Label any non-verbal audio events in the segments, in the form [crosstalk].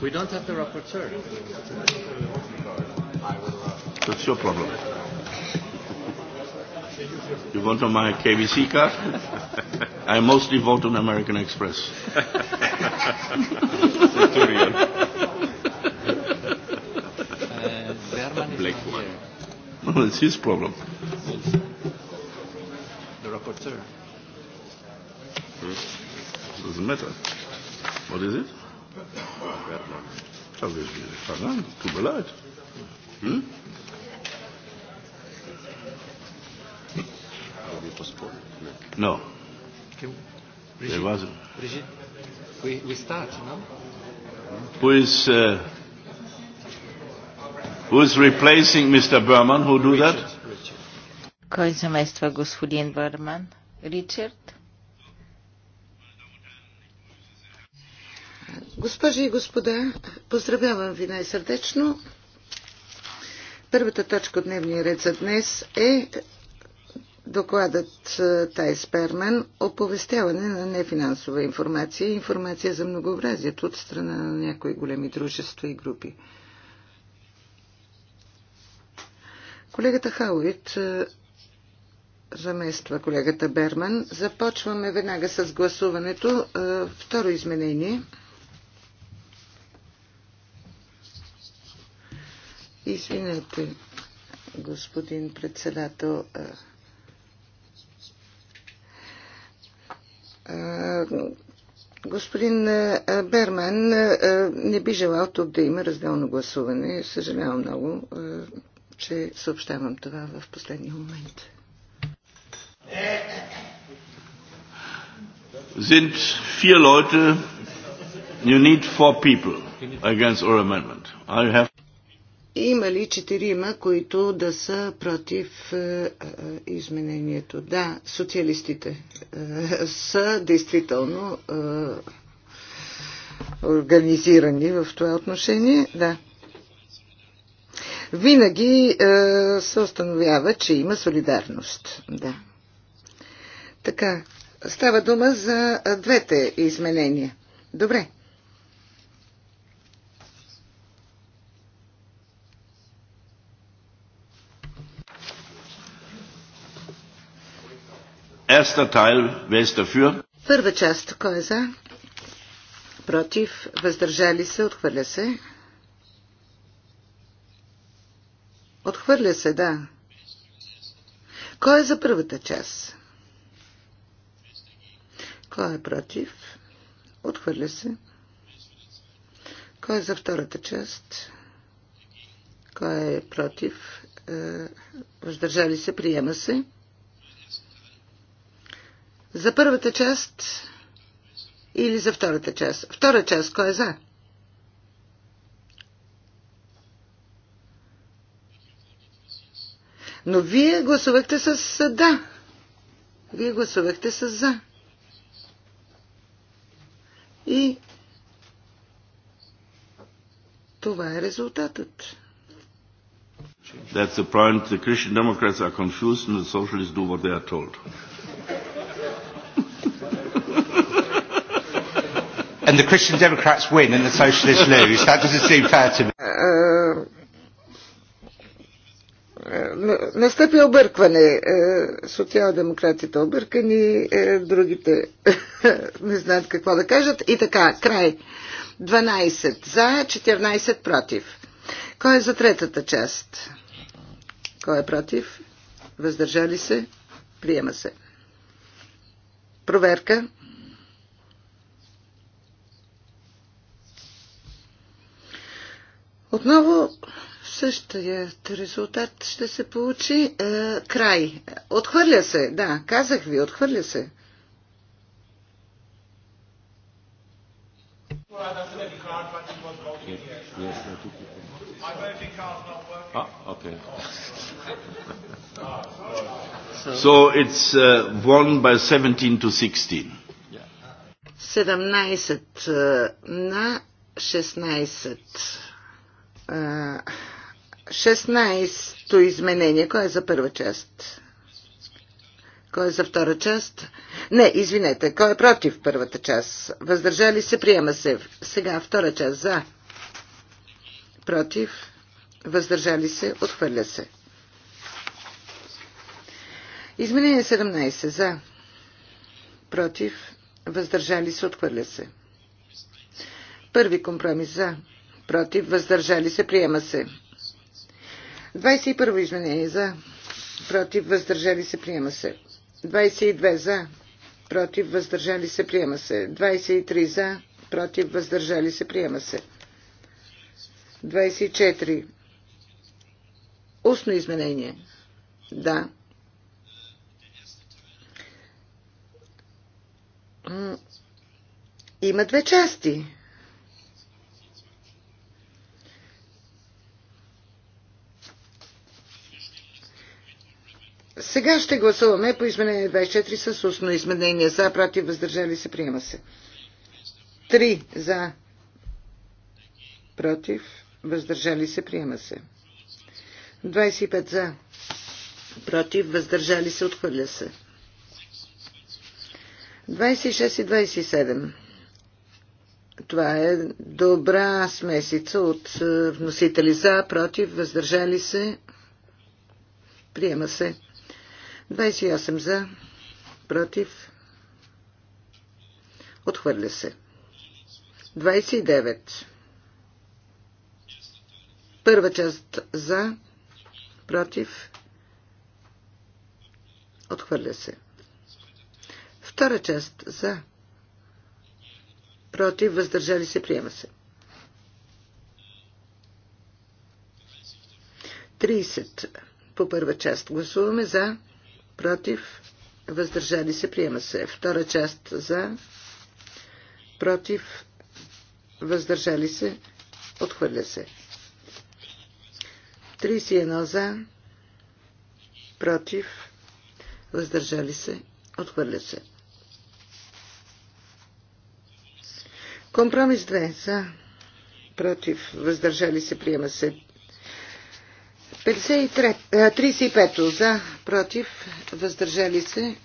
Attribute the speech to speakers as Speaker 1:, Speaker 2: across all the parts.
Speaker 1: We don't have the rapporteur. That's your problem. You vote on my KBC card? I mostly vote on American Express. one. No, it's his problem. The rapporteur. Hmm? Doesn't matter. What is it? Das ist mir nicht verlangt. Tut mir leid. Hm? No. Brigitte, was Brigitte, we, we start, no? Who is, uh, who is replacing Mr. Berman? Who do Richard, that? Richard.
Speaker 2: Кой замества господин Бърман? Ричард?
Speaker 3: Госпожи и господа, поздравявам ви най-сърдечно. Първата точка от дневния ред за днес е докладът е, Тайс Пермен оповестяване на нефинансова информация и информация за многообразието от страна на някои големи дружества и групи. Колегата Хауит е, замества колегата Берман. Започваме веднага с гласуването. Е, второ изменение – Извинете, господин председател. Господин Берман не би желал тук да има разделно гласуване. Съжалявам много, че съобщавам това в последния момент.
Speaker 1: Sind vier Leute, you need four people against our amendment. I have
Speaker 3: има ли четирима, които да са против е, е, изменението? Да, социалистите е, са действително организирани в това отношение. Да. Винаги се установява, че има солидарност. Да. Така, става дума за двете изменения. Добре.
Speaker 1: Erster Teil, wer ist dafür?
Speaker 3: Първа част, кой е за? Против, въздържали се, отхвърля се. Отхвърля се, да. Кой е за първата част? Кой е против? Отхвърля се. Кой е за втората част? Кой е против? Е, въздържали се, приема се. За първата част или за втората част? Втора част, кой е за? Но вие гласувахте с да. Вие гласувахте с за. И това е резултатът.
Speaker 1: That's the point. The Christian Democrats are confused and the socialists do what they are told. and the Christian Democrats win and the Socialists lose. That doesn't seem fair to me.
Speaker 3: Е, е, настъпи объркване. Е, социал-демократите объркани, другите [laughs] не знаят какво да кажат. И така, край. 12 за, 14 против. Кой е за третата част? Кой е против? Въздържали се? Приема се. Проверка. Отново същият резултат ще се получи. Е, край. Отхвърля се, да, казах ви, отхвърля се.
Speaker 1: Ah, [laughs] so it's uh, won by 17 to 16.
Speaker 3: 17 е, на 16. 16-то изменение. Кой е за първа част? Кой е за втора част? Не, извинете. Кой е против първата част? Въздържали се, приема се. Сега втора част. За. Против. Въздържали се, отхвърля се. Изменение 17. За. Против. Въздържали се, отхвърля се. Първи компромис за против, въздържали се, приема се. 21 изменение за, против, въздържали се, приема се. 22 за, против, въздържали се, приема се. 23 за, против, въздържали се, приема се. 24. Устно изменение. Да. Има две части. Сега ще гласуваме по изменение 24 с устно изменение. За, против, въздържали се, приема се. Три за, против, въздържали се, приема се. 25 за, против, въздържали се, отхвърля се. 26 и 27. Това е добра смесица от е, вносители за, против, въздържали се, приема се. 28 за, против, отхвърля се. 29. Първа част за, против, отхвърля се. Втора част за, против, въздържали се, приема се. 30. По първа част гласуваме за, против, въздържали се, приема се. Втора част за, против, въздържали се, отхвърля се. 31 за, против, въздържали се, отхвърля се. Компромис 2 за, против, въздържали се, приема се. 35 35 за, против, въздържали се,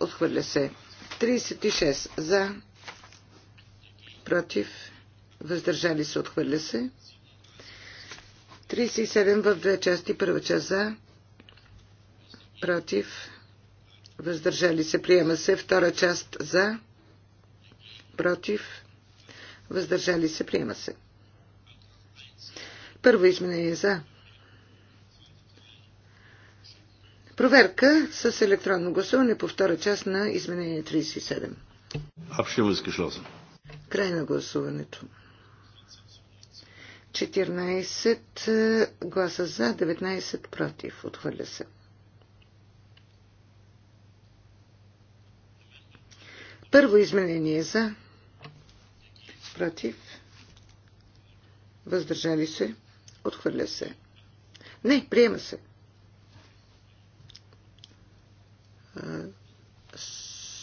Speaker 3: отхвърля се. 36 за, против, въздържали се, отхвърля се. 37 в две части, първа част за, против, въздържали се, приема се, втора част за, против, въздържали се, приема се. Първо изменение за, Проверка с електронно гласуване по втора част на изменение 37.
Speaker 1: Абшемо изкишлоза.
Speaker 3: Край на гласуването. 14 е, гласа за, 19 против. Отхвърля се. Първо изменение за, против, въздържали се, отхвърля се. Не, приема се.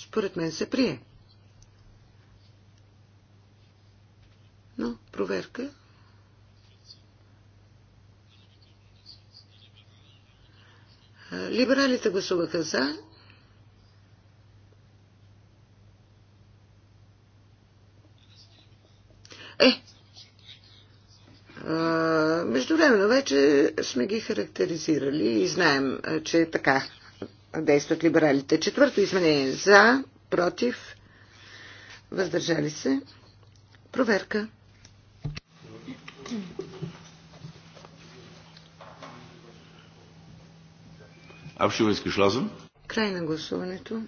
Speaker 3: според мен се прие. Но проверка. Либералите гласуваха за. Е, междувременно вече сме ги характеризирали и знаем, че е така действат либералите. Четвърто изменение за, против, въздържали се. Проверка.
Speaker 1: Абшивайски шлазъм.
Speaker 3: Край на гласуването.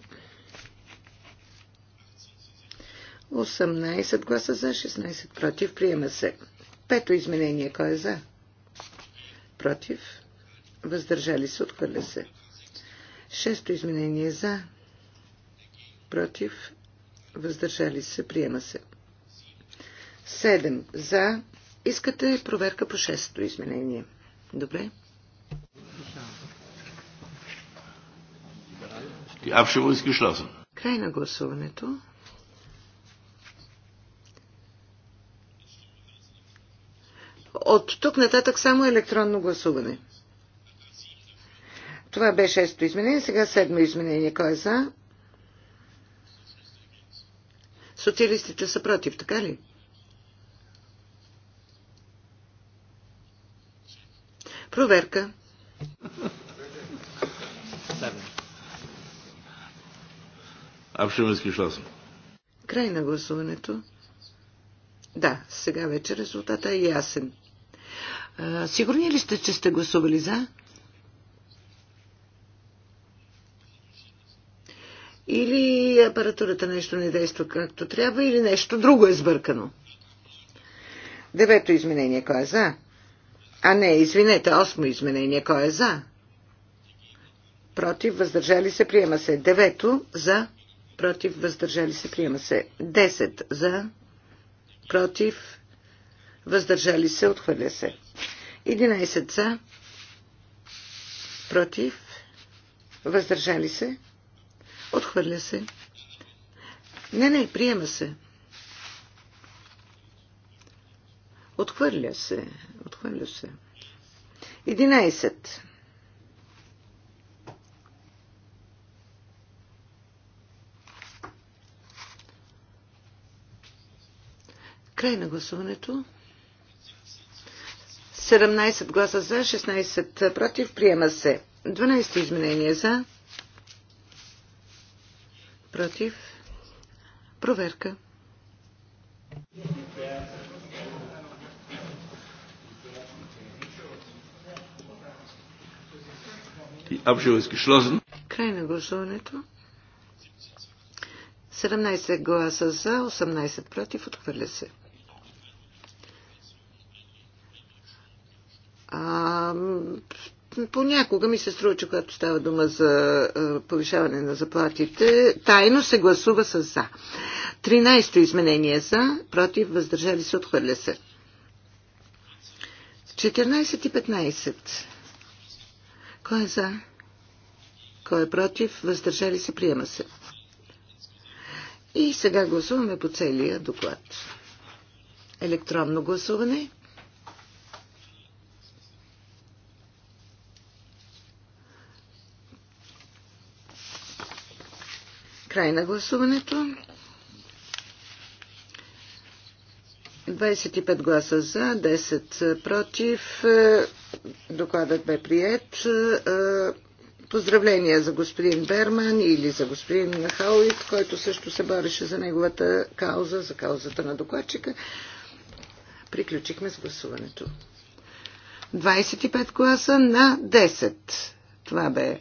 Speaker 3: 18 гласа за, 16 против. Приема се. Пето изменение. Кой е за? Против. Въздържали се. Отхвърля се. Шесто изменение за, против, въздържали се, приема се. Седем за. Искате проверка по шестото изменение. Добре. Край на гласуването. От тук нататък само електронно гласуване. Това бе шесто изменение, сега седмо изменение. Кой е за? Социалистите са против, така ли? Проверка.
Speaker 1: Абшимански шласъм.
Speaker 3: Край на гласуването. Да, сега вече резултата е ясен. А, сигурни ли сте, че сте гласували за? или апаратурата нещо не действа както трябва, или нещо друго е сбъркано. Девето изменение, кой е за? А не, извинете, осмо изменение, кой е за? Против, въздържали се, приема се. Девето, за, против, въздържали се, приема се. Десет, за, против, въздържали се, отхвърля се. Единайсет, за, против, въздържали се, Отхвърля се. Не, не, приема се. Отхвърля се. Отхвърля се. 11. Край на гласуването. 17 гласа за, 16 против. Приема се. 12 изменения за против. Проверка.
Speaker 1: Край на гласуването.
Speaker 3: 17 гласа за, 18 против, отхвърля се. А, понякога ми се струва, че когато става дума за повишаване на заплатите, тайно се гласува с за. 13-то изменение за, против, въздържали се, отхвърля се. 14 и 15. Кой е за? Кой е против? Въздържали се, приема се. И сега гласуваме по целия доклад. Електронно гласуване. Край на гласуването. 25 гласа за, 10 против. Докладът бе прият. Поздравления за господин Берман или за господин Хауит, който също се бореше за неговата кауза, за каузата на докладчика. Приключихме с гласуването. 25 гласа на 10. Това бе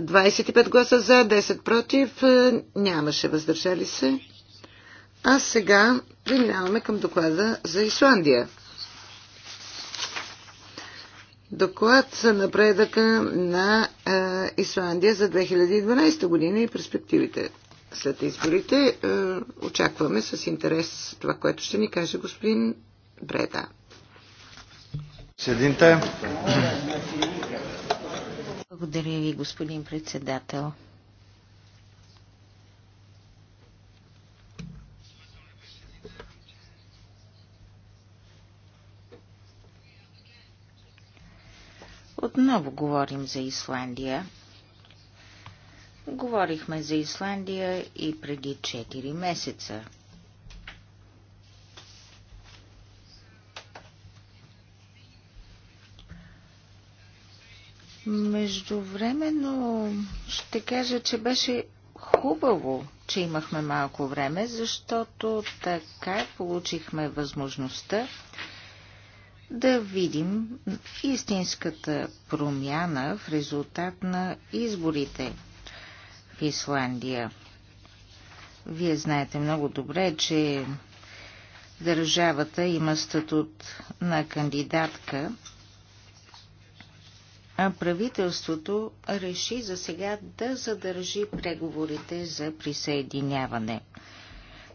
Speaker 3: 25 гласа за, 10 против, е, нямаше въздържали се. А сега преминаваме към доклада за Исландия. Доклад за напредъка на е, Исландия за 2012 година и перспективите след изборите. Е, очакваме с
Speaker 2: интерес това, което ще ни каже господин Бреда. Сединте. Благодаря ви, господин председател. Отново говорим за Исландия. Говорихме за Исландия и преди 4 месеца. Междувременно ще кажа, че беше хубаво, че имахме малко време, защото така получихме възможността да видим истинската промяна в резултат на изборите в Исландия. Вие знаете много добре, че държавата има статут на кандидатка правителството реши за сега да задържи преговорите за присъединяване,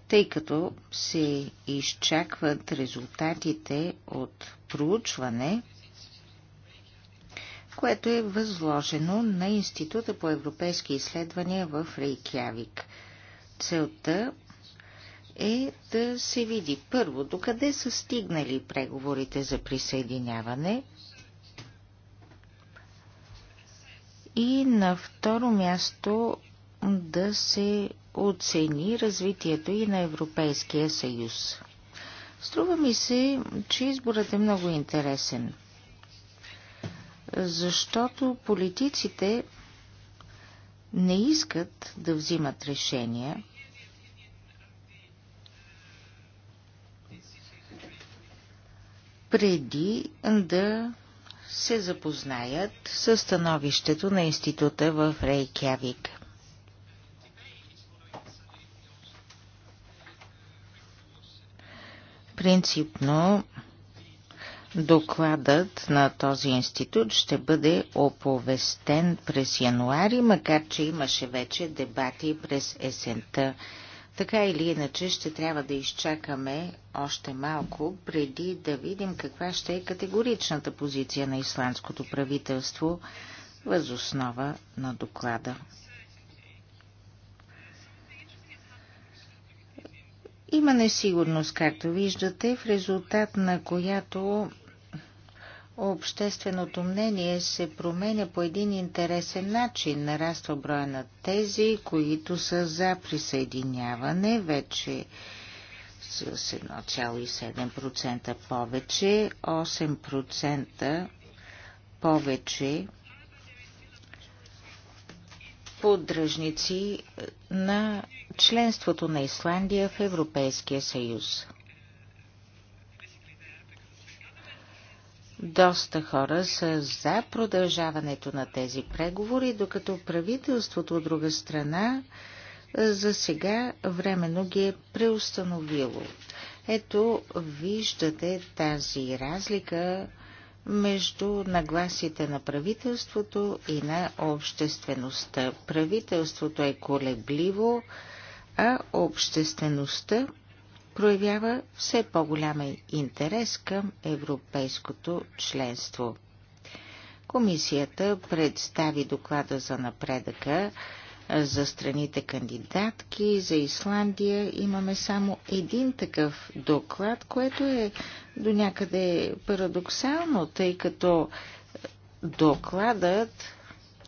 Speaker 2: тъй като се изчакват резултатите от проучване, което е възложено на Института по европейски изследвания в Рейкявик. Целта е да се види първо докъде са стигнали преговорите за присъединяване – И на второ място да се оцени развитието и на Европейския съюз. Струва ми се, че изборът е много интересен, защото политиците не искат да взимат решения, преди да се запознаят с становището на института в Рейкявик. Принципно докладът на този институт ще бъде оповестен през януари, макар че имаше вече дебати през есента така или иначе ще трябва да изчакаме още малко, преди да видим каква ще е категоричната позиция на исландското правителство възоснова на доклада. Има несигурност, както виждате, в резултат на която общественото мнение се променя по един интересен начин. Нараства броя на тези, които са за присъединяване, вече с 1,7% повече, 8% повече поддръжници на членството на Исландия в Европейския съюз. Доста хора са за продължаването на тези преговори, докато правителството от друга страна за сега временно ги е преустановило. Ето, виждате тази разлика между нагласите на правителството и на обществеността. Правителството е колебливо, а обществеността проявява все по-голям интерес към европейското членство. Комисията представи доклада за напредъка за страните кандидатки, за Исландия имаме само един такъв доклад, което е до някъде парадоксално, тъй като докладът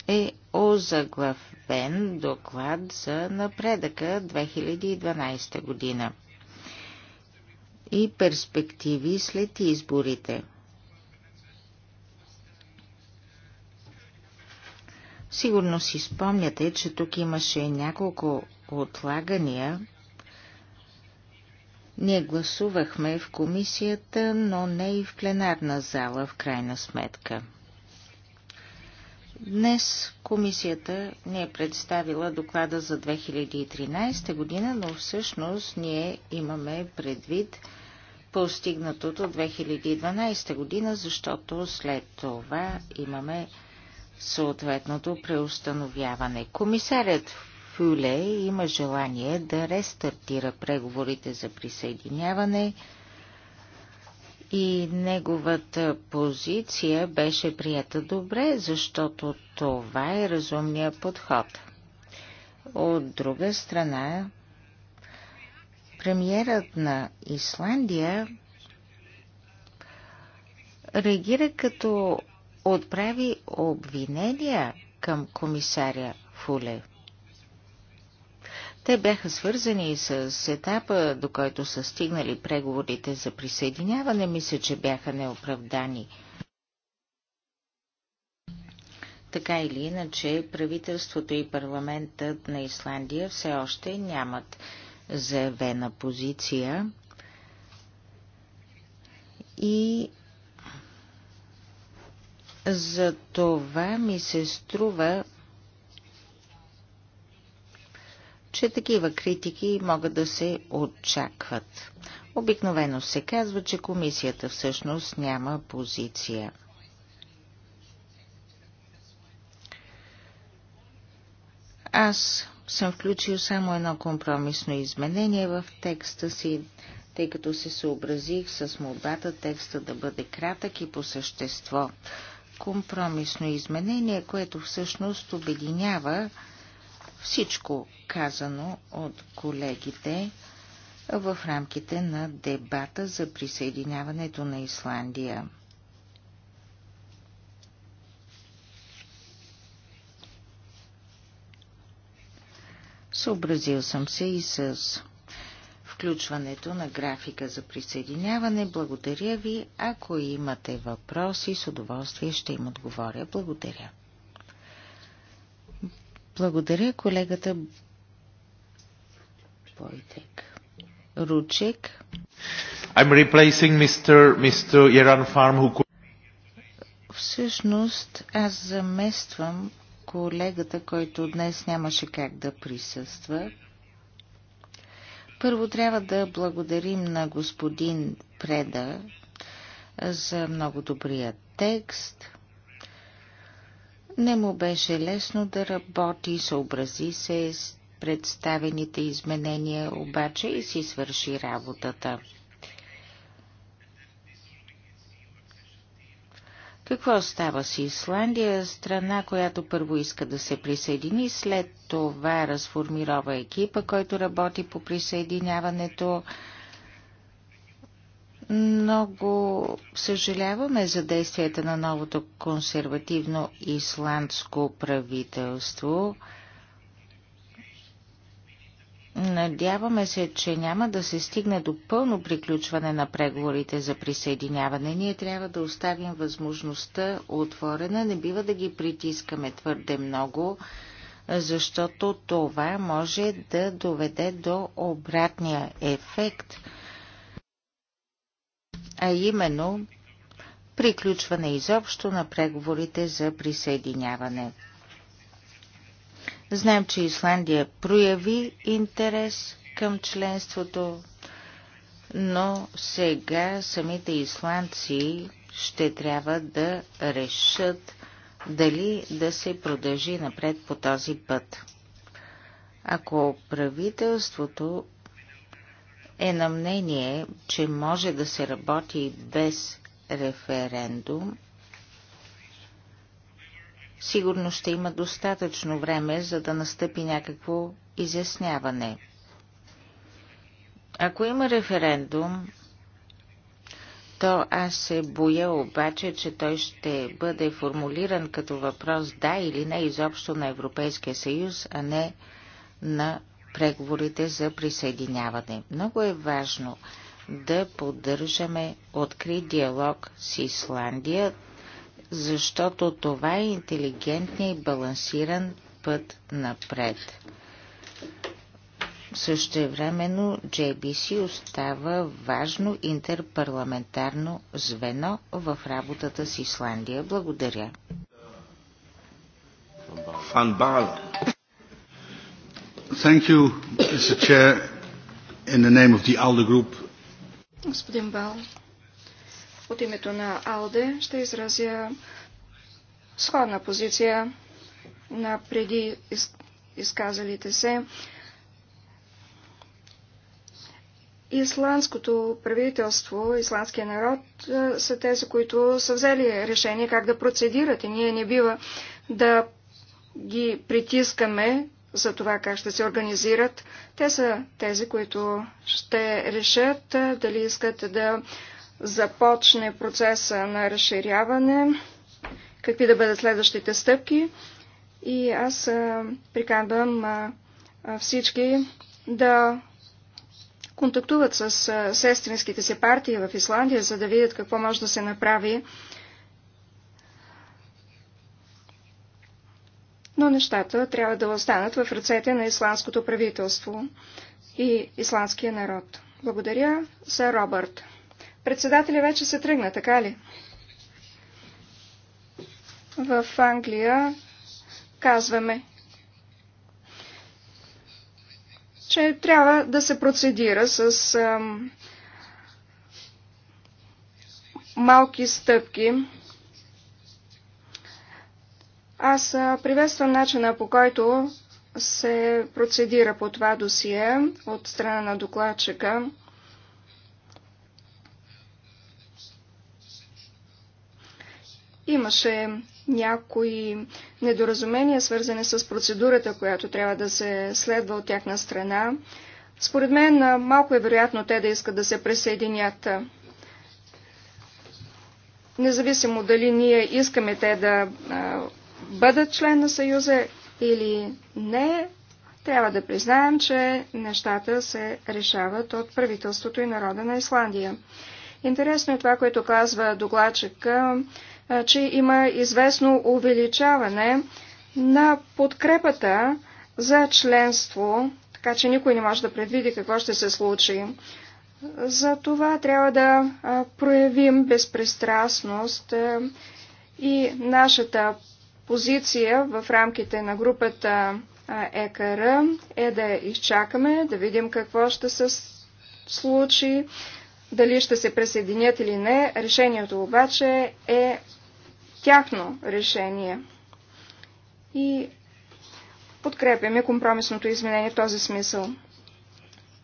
Speaker 2: е озаглавен доклад за напредъка 2012 година и перспективи след изборите. Сигурно си спомняте, че тук имаше няколко отлагания. Ние гласувахме в комисията, но не и в пленарна зала, в крайна сметка. Днес комисията ни е представила доклада за 2013 година, но всъщност ние имаме предвид постигнатото 2012 година, защото след това имаме съответното преустановяване. Комисарят Фюле има желание да рестартира преговорите за присъединяване и неговата позиция беше прията добре, защото това е разумния подход. От друга страна, премиерът на Исландия реагира като отправи обвинения към комисаря Фуле. Те бяха свързани с етапа, до който са стигнали преговорите за присъединяване, мисля, че бяха неоправдани. Така или иначе, правителството и парламентът на Исландия все още нямат заявена позиция и за това ми се струва, че такива критики могат да се очакват. Обикновено се казва, че комисията всъщност няма позиция. Аз съм включил само едно компромисно изменение в текста си, тъй като се съобразих с молбата текста да бъде кратък и по същество. Компромисно изменение, което всъщност обединява всичко казано от колегите в рамките на дебата за присъединяването на Исландия. Съобразил съм се и с включването на графика за присъединяване. Благодаря ви. Ако имате въпроси, с удоволствие ще им отговоря. Благодаря. Благодаря колегата Бойтек. Ручек.
Speaker 1: I'm replacing Mr. Mr. Farm, who...
Speaker 2: Всъщност, аз замествам колегата, който днес нямаше как да присъства. Първо трябва да благодарим на господин Преда за много добрия текст. Не му беше лесно да работи, съобрази се с представените изменения, обаче и си свърши работата. Какво става с Исландия? Страна, която първо иска да се присъедини, след това разформирова екипа, който работи по присъединяването. Много съжаляваме за действията на новото консервативно исландско правителство. Надяваме се, че няма да се стигне до пълно приключване на преговорите за присъединяване. Ние трябва да оставим възможността отворена, не бива да ги притискаме твърде много, защото това може да доведе до обратния ефект, а именно приключване изобщо на преговорите за присъединяване. Знаем, че Исландия прояви интерес към членството, но сега самите исландци ще трябва да решат дали да се продължи напред по този път. Ако правителството е на мнение, че може да се работи без референдум, сигурно ще има достатъчно време, за да настъпи някакво изясняване. Ако има референдум, то аз се боя обаче, че той ще бъде формулиран като въпрос да или не изобщо на Европейския съюз, а не на преговорите за присъединяване. Много е важно да поддържаме открит диалог с Исландия защото това е интелигентният и балансиран път напред. Същевременно JBC остава важно интерпарламентарно звено в работата с Исландия. Благодаря.
Speaker 1: Фан Baal. Thank you, Mr. Chair, in the name of the Alder group.
Speaker 4: Господин Бал, от името на АЛДЕ ще изразя сходна позиция на преди из... изказалите се. Исландското правителство, исландския народ са тези, които са взели решение как да процедират и ние не бива да ги притискаме за това как ще се организират. Те са тези, които ще решат дали искат да започне процеса на разширяване, какви да бъдат следващите стъпки. И аз приканвам всички да контактуват с сестринските си партии в Исландия, за да видят какво може да се направи. Но нещата трябва да останат в ръцете на исландското правителство и исландския народ. Благодаря, сър Робърт. Председателя вече се тръгна, така ли? В Англия казваме, че трябва да се процедира с ам, малки стъпки. Аз приветствам начина по който се процедира по това досие от страна на докладчика. Имаше някои недоразумения, свързани с процедурата, която трябва да се следва от тяхна страна. Според мен малко е вероятно те да искат да се присъединят. Независимо дали ние искаме те да бъдат член на Съюза или не, трябва да признаем, че нещата се решават от правителството и народа на Исландия. Интересно е това, което казва докладчика че има известно увеличаване на подкрепата за членство, така че никой не може да предвиди какво ще се случи. За това трябва да проявим безпристрастност и нашата позиция в рамките на групата ЕКР е да изчакаме, да видим какво ще се случи, дали ще се присъединят или не. Решението обаче е тяхно решение. И подкрепяме компромисното изменение в този смисъл.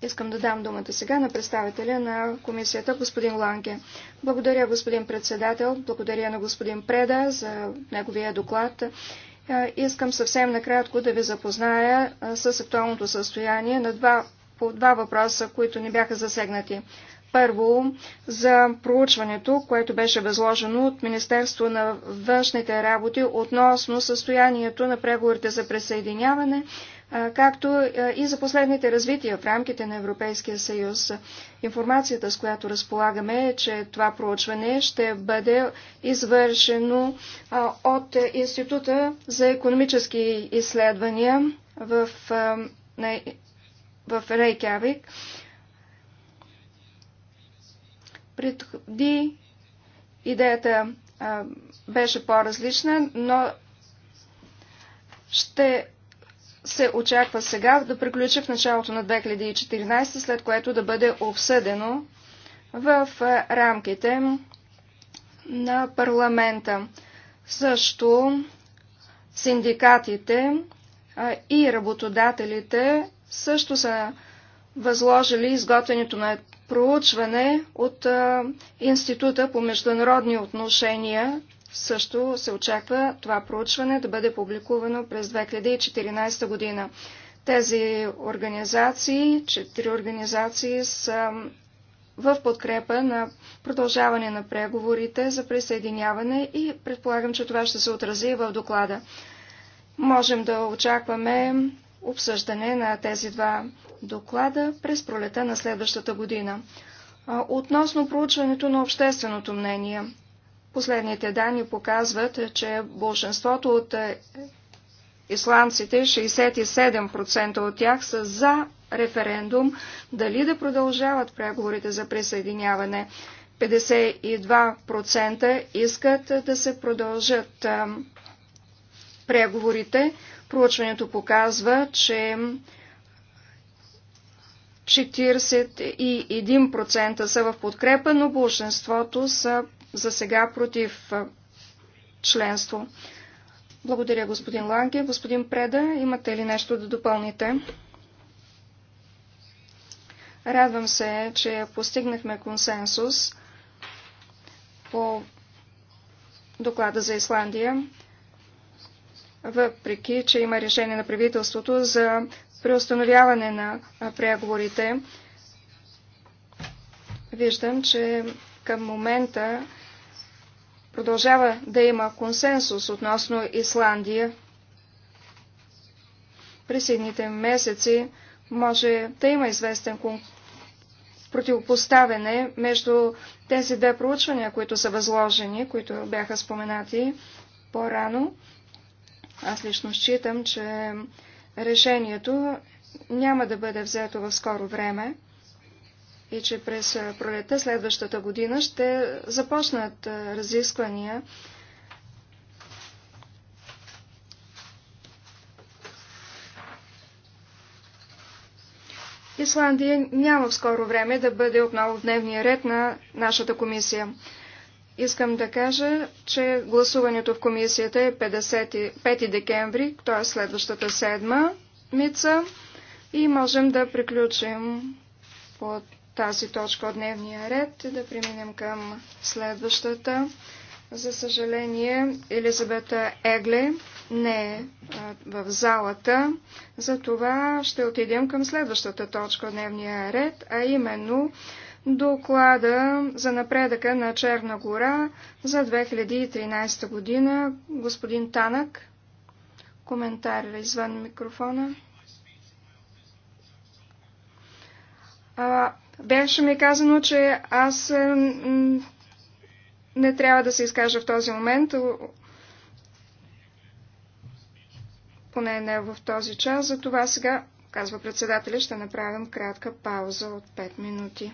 Speaker 4: Искам да дам думата сега на представителя на комисията, господин Ланге. Благодаря, господин председател. Благодаря на господин Преда за неговия доклад. Е, искам съвсем накратко да ви запозная е, с актуалното състояние на два, по два въпроса, които не бяха засегнати. Първо, за проучването, което беше възложено от Министерство на външните работи относно състоянието на преговорите за присъединяване, както и за последните развития в рамките на Европейския съюз. Информацията, с която разполагаме е, че това проучване ще бъде извършено от Института за економически изследвания в, в Рейкявик преди идеята а, беше по-различна, но ще се очаква сега да приключи в началото на 2014, след което да бъде обсъдено в рамките на парламента. Също синдикатите и работодателите също са възложили изготвянето на проучване от а, Института по международни отношения. Също се очаква това проучване да бъде публикувано през 2014 година. Тези организации, четири организации са в подкрепа на продължаване на преговорите за присъединяване и предполагам, че това ще се отрази в доклада. Можем да очакваме обсъждане на тези два доклада през пролета на следващата година. Относно проучването на общественото мнение, последните данни показват, че большинството от е, исландците, 67% от тях са за референдум, дали да продължават преговорите за присъединяване. 52% искат да се продължат преговорите, Проучването показва, че 41% са в подкрепа, но большинството са за сега против членство. Благодаря, господин Ланге. Господин Преда, имате ли нещо да допълните? Радвам се, че постигнахме консенсус по доклада за Исландия въпреки че има решение на правителството за преустановяване на преговорите. Виждам, че към момента продължава да има консенсус относно Исландия. През едните месеци може да има известен противопоставяне между тези две проучвания, които са възложени, които бяха споменати по-рано. Аз лично считам, че решението няма да бъде взето в скоро време и че през пролета следващата година ще започнат разисквания Исландия няма в скоро време да бъде отново в дневния ред на нашата комисия. Искам да кажа, че гласуването в комисията е 5 декември, т.е. следващата седма мица, и можем да приключим по тази точка от дневния ред и да преминем към следващата. За съжаление, Елизабета Егле не е в залата, затова ще отидем към следващата точка от дневния ред, а именно доклада за напредъка на Черна гора за 2013 година. Господин Танък, коментар ли извън микрофона? А, беше ми казано, че аз е, не трябва да се изкажа в този момент, поне не в този час, затова сега, казва председателя, ще направим кратка пауза от 5 минути.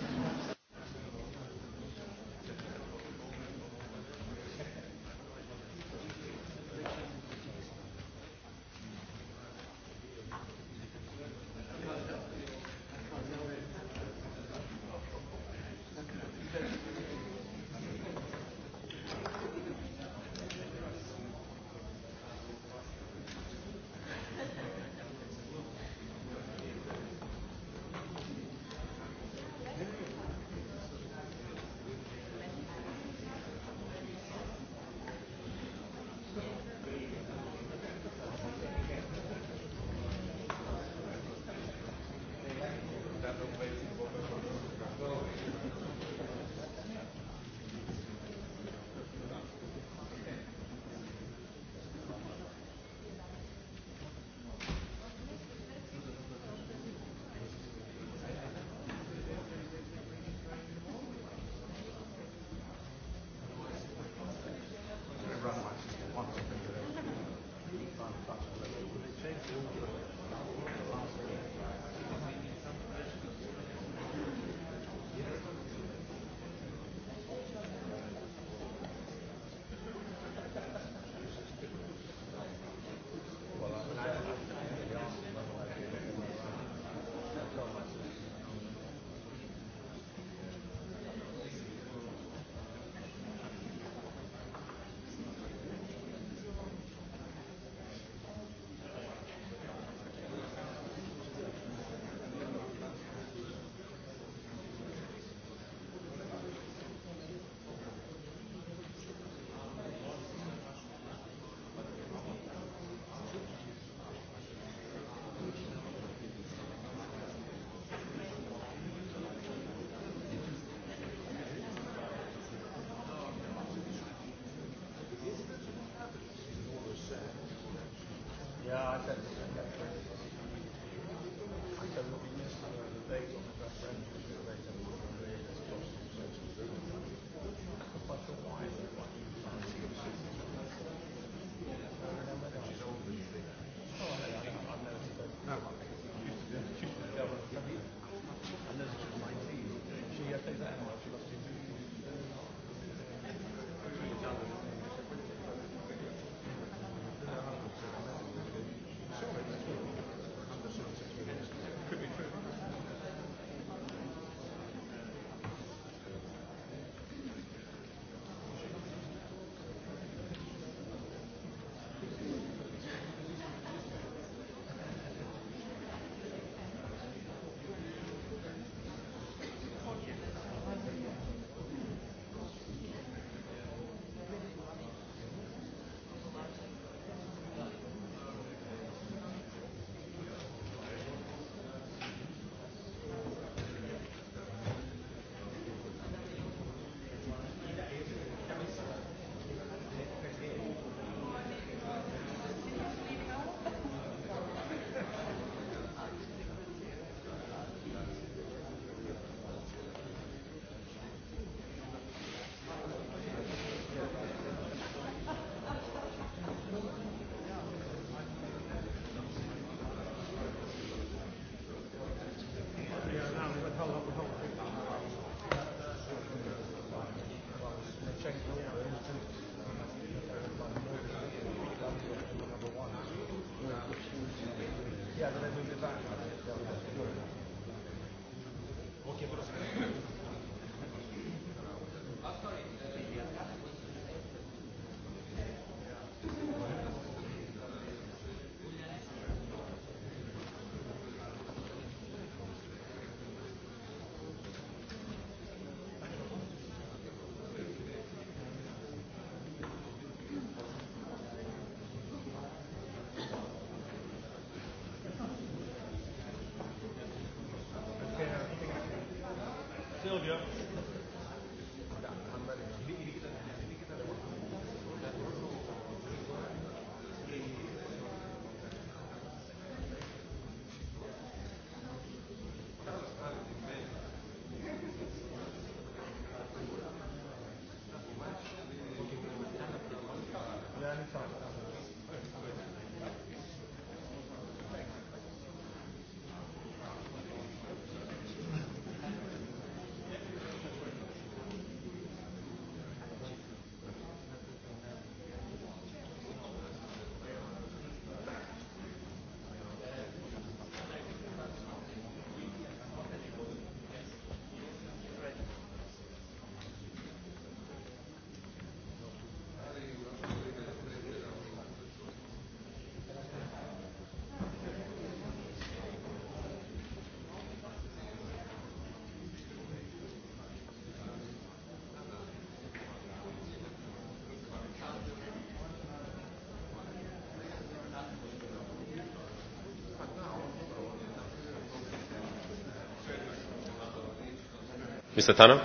Speaker 1: Mr. Tanner?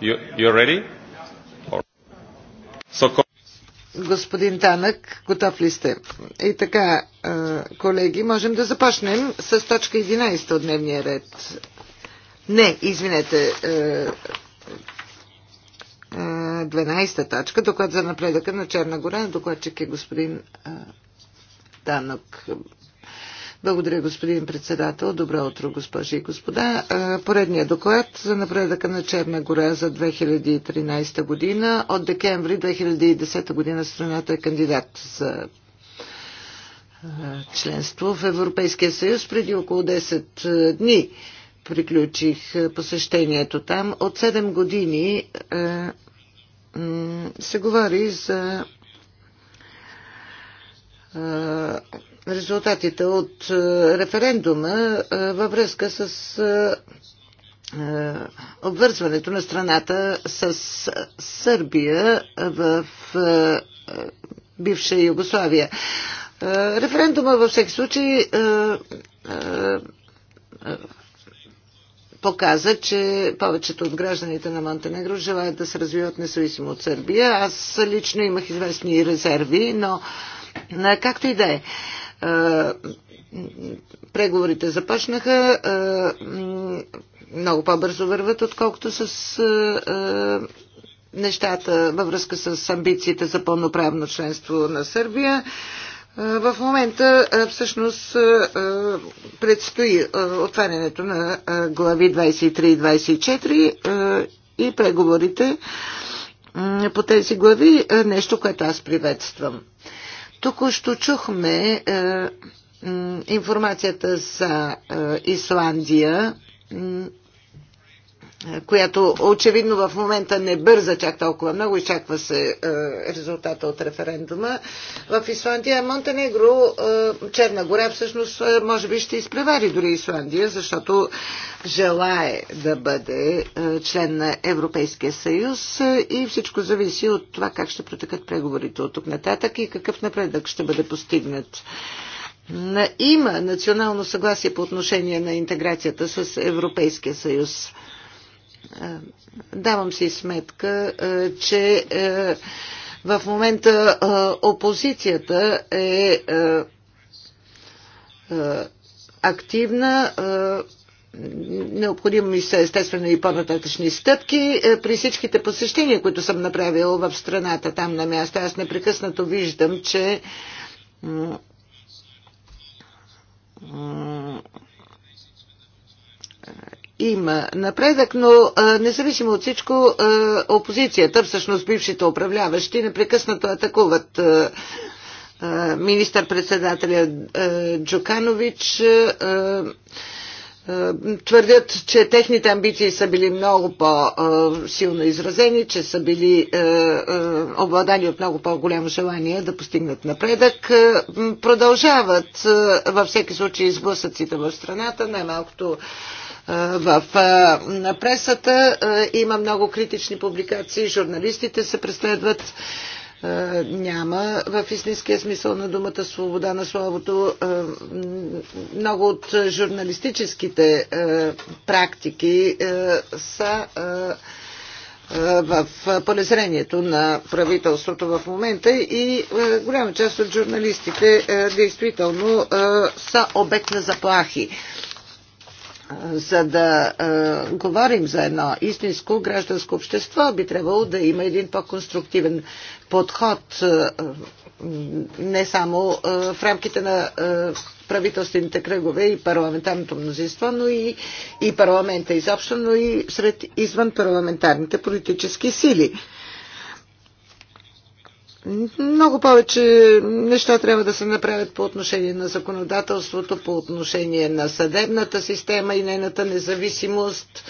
Speaker 1: You, you're ready? Or... So,
Speaker 3: Господин Танък, готов ли сте? И така, колеги, можем да започнем с точка 11 от дневния ред. Не, извинете, 12-та точка, доклад за напредъка на Черна гора. Докладчик е господин Танък. Благодаря, господин председател. Добро утро, госпожи и господа. Поредният доклад за напредъка на Черна гора за 2013 година. От декември 2010 година страната е кандидат за членство в Европейския съюз. Преди около 10 дни приключих посещението там. От 7 години се говори за резултатите от е, референдума е, във връзка с е, обвързването на страната с Сърбия в бивша Югославия. Референдума във всеки случай показа, че повечето от гражданите на Монтенегро желаят да се развиват независимо от Сърбия. Аз лично имах известни резерви, но както и да е преговорите започнаха, много по-бързо върват, отколкото с нещата във връзка с амбициите за пълноправно членство на Сърбия. В момента всъщност предстои отварянето на глави 23 и 24 и преговорите по тези глави, нещо, което аз приветствам. Току-що чухме е, информацията за е, Исландия която очевидно в момента не бърза чак толкова много, изчаква се е, резултата от референдума. В Исландия, Монтенегро, е, Черна гора всъщност е, може би ще изпревари дори Исландия, защото желае да бъде е, член на Европейския съюз е, и всичко зависи от това как ще протекат преговорите от тук нататък и какъв напредък ще бъде постигнат има национално съгласие по отношение на интеграцията с Европейския съюз. Давам си сметка, е, че е, в момента е, опозицията е активна. Необходимо ми са естествено и по-нататъчни стъпки. При всичките посещения, които съм направил в страната там на място, аз непрекъснато виждам, че има напредък, но а, независимо от всичко, а, опозицията, всъщност бившите управляващи, непрекъснато атакуват министър-председателя Джуканович. А, твърдят, че техните амбиции са били много по-силно изразени, че са били обладани от много по-голямо желание да постигнат напредък. Продължават във всеки случай изблъсъците в страната, най-малкото в пресата. Има много критични публикации, журналистите се преследват. Няма в истинския смисъл на думата свобода на словото. Много от журналистическите практики са в полезрението на правителството в момента и голяма част от журналистите действително са обект на заплахи за да е, говорим за едно истинско гражданско общество, би трябвало да има един по-конструктивен подход, е, не само е, в рамките на е, правителствените кръгове и парламентарното мнозинство, но и, и парламента изобщо, но и сред извън парламентарните политически сили. Много повече неща трябва да се направят по отношение на законодателството, по отношение на съдебната система и нейната независимост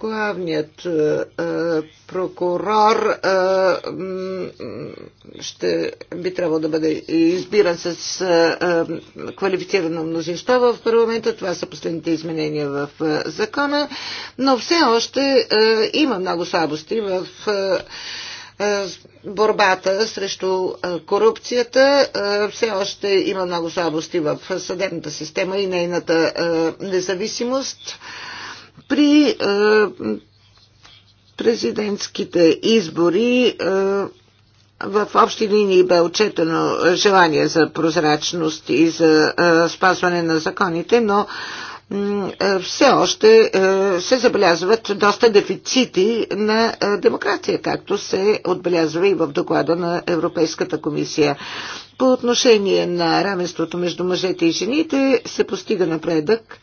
Speaker 3: главният е, е, прокурор е, ще би трябвало да бъде избиран с квалифицирано мнозинство в парламента. Това са последните изменения в закона, но все още има много слабости в борбата срещу корупцията. Все още има много слабости в съдебната система и нейната независимост. При е, президентските избори е, в общи линии бе отчетено желание за прозрачност и за е, спазване на законите, но все още се забелязват доста дефицити на демокрация, както се отбелязва и в доклада на Европейската комисия. По отношение на равенството между мъжете и жените се постига напредък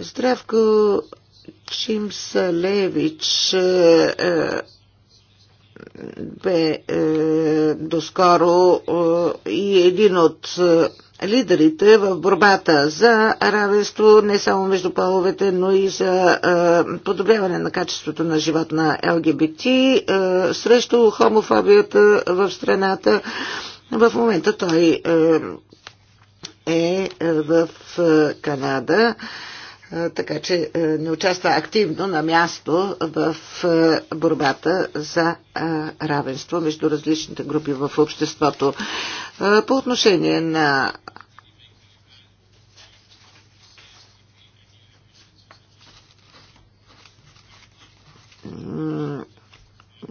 Speaker 3: Здравко Чимсалевич е, е, бе е, доскоро и един от лидерите в борбата за равенство не само между половете, но и за е, подобряване на качеството на живот на ЛГБТ е, срещу хомофобията в страната. В момента той е, е в Канада. Е, така че е, не участва активно на място в е, борбата за е, равенство между различните групи в обществото. По отношение на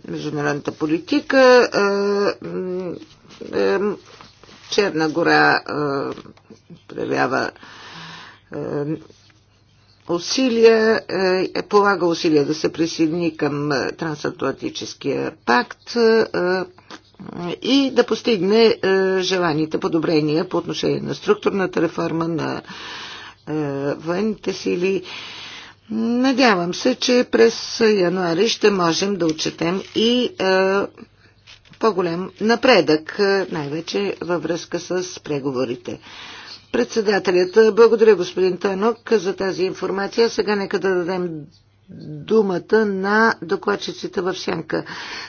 Speaker 3: международната политика, Черна гора проявява усилия, е, полага усилия да се присъедини към е, трансатлантическия пакт е, и да постигне е, желаните подобрения по отношение на структурната реформа на е, военните сили. Надявам се, че през януари ще можем да отчетем и е, по-голям напредък, е, най-вече във връзка с преговорите. Председателят, благодаря господин Танок за тази информация. Сега нека да дадем думата на докладчиците в Сянка.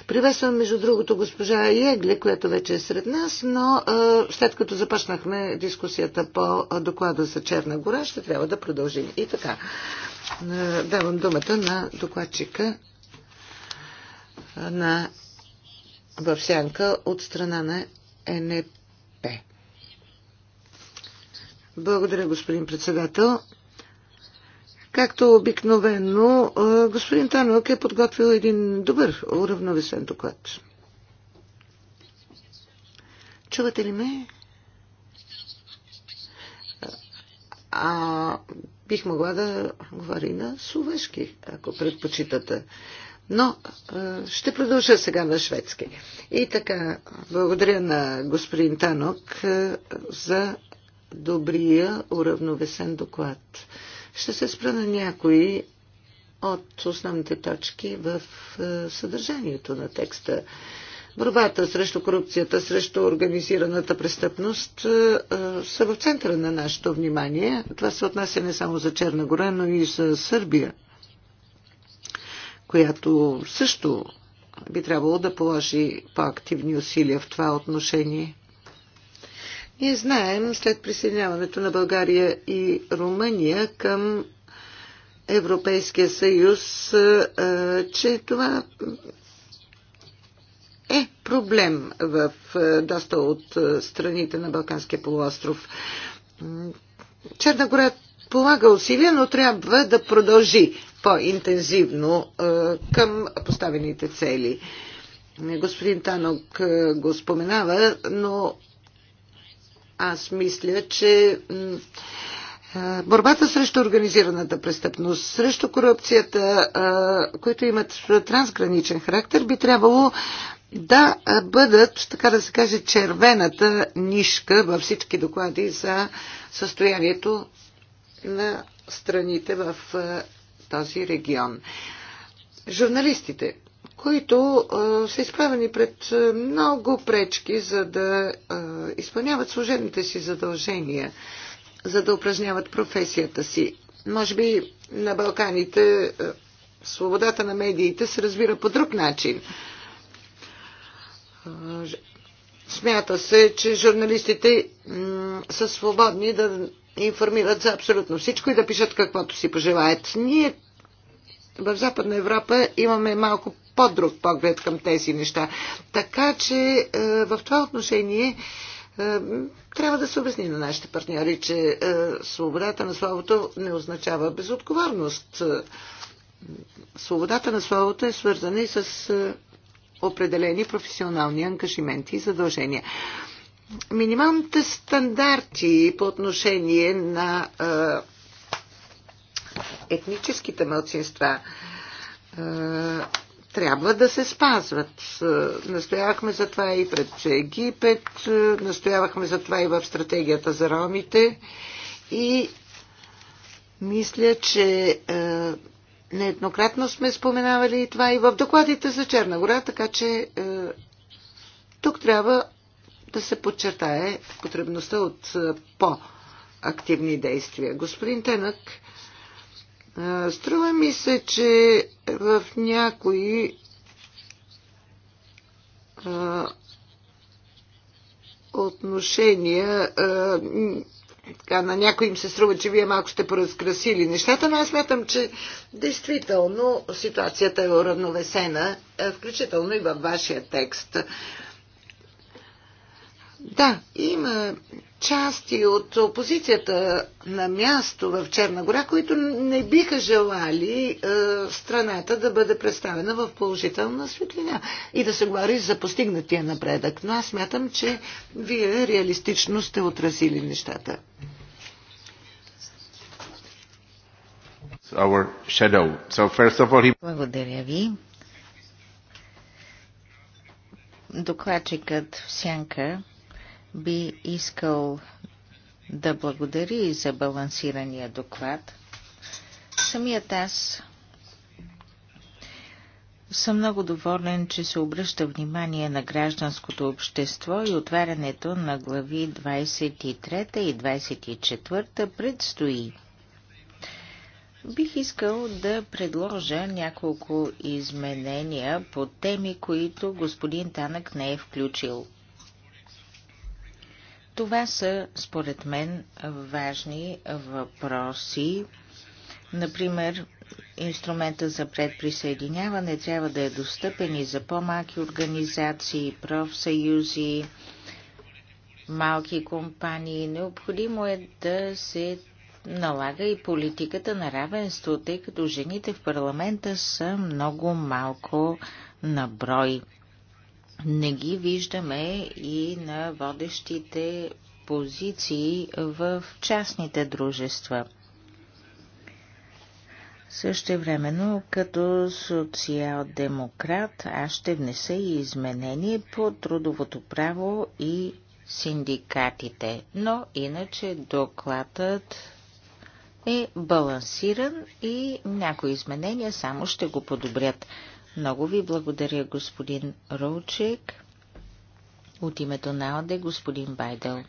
Speaker 3: Приветствам, между другото, госпожа Егле, която вече е сред нас, но след като започнахме дискусията по доклада за Черна гора, ще трябва да продължим. И така, давам думата на докладчика на в Сянка от страна на ЕНЕП. Благодаря, господин председател. Както обикновено, господин Танок е подготвил един добър, уравновесен доклад. Чувате ли ме? А бих могла да говори на словешки, ако предпочитате. Но ще продължа сега на шведски. И така, благодаря на господин Танок за добрия уравновесен доклад. Ще се спра на някои от основните точки в е, съдържанието на текста. Борбата срещу корупцията, срещу организираната престъпност е, е, са в центъра на нашето внимание. Това се отнася не само за Черна гора, но и за Сърбия, която също би трябвало да положи по-активни усилия в това отношение. Ние знаем, след присъединяването на България и Румъния към Европейския съюз, че това е проблем в доста от страните на Балканския полуостров. Черна гора полага усилия, но трябва да продължи по-интензивно към поставените цели. Господин Танок го споменава, но аз мисля, че борбата срещу организираната престъпност, срещу корупцията, които имат трансграничен характер, би трябвало да бъдат, така да се каже, червената нишка във всички доклади за състоянието на страните в този регион. Журналистите които са изправени пред много пречки, за да изпълняват служебните си задължения, за да упражняват професията си. Може би на Балканите свободата на медиите се разбира по друг начин. Смята се, че журналистите са свободни да информират за абсолютно всичко и да пишат каквото си пожелаят. Ние в Западна Европа имаме малко по-друг поглед към тези неща. Така че е, в това отношение е, трябва да се обясни на нашите партньори, че е, свободата на словото не означава безотговорност. Свободата на словото е свързана и с определени професионални ангажименти и задължения. Минималните стандарти по отношение на етническите мълцинства е, трябва да се спазват. Е, настоявахме за това и пред Египет, е, настоявахме за това и в стратегията за ромите и мисля, че нееднократно сме споменавали и това и в докладите за Черна гора, така че тук трябва да се подчертае потребността от по-активни действия. Господин Тенък Струва ми се, че в някои отношения така, на някои им се струва, че вие малко сте поразкрасили нещата, но аз смятам, че действително ситуацията е уравновесена, включително и във вашия текст. Да, има части от опозицията на място в Черна гора, които не биха желали е, страната да бъде представена в положителна светлина и да се говори за постигнатия напредък. Но аз смятам, че вие реалистично сте отразили нещата.
Speaker 1: So all...
Speaker 2: Благодаря ви. Докладчикът в сянка би искал да благодари и за балансирания доклад. Самият аз съм много доволен, че се обръща внимание на гражданското общество и отварянето на глави 23 и 24 предстои. Бих искал да предложа няколко изменения по теми, които господин Танък не е включил – това са, според мен, важни въпроси. Например, инструмента за предприсъединяване трябва да е достъпен и за по-малки организации, профсъюзи, малки компании. Необходимо е да се налага и политиката на равенство, тъй като жените в парламента са много малко на брой не ги виждаме и на водещите позиции в частните дружества. времено, като социал-демократ, аз ще внеса и изменение по трудовото право и синдикатите, но иначе докладът е балансиран и някои изменения само ще го подобрят. Много ви благодаря, господин Роучек. От името на ОДЕ, господин Байдел.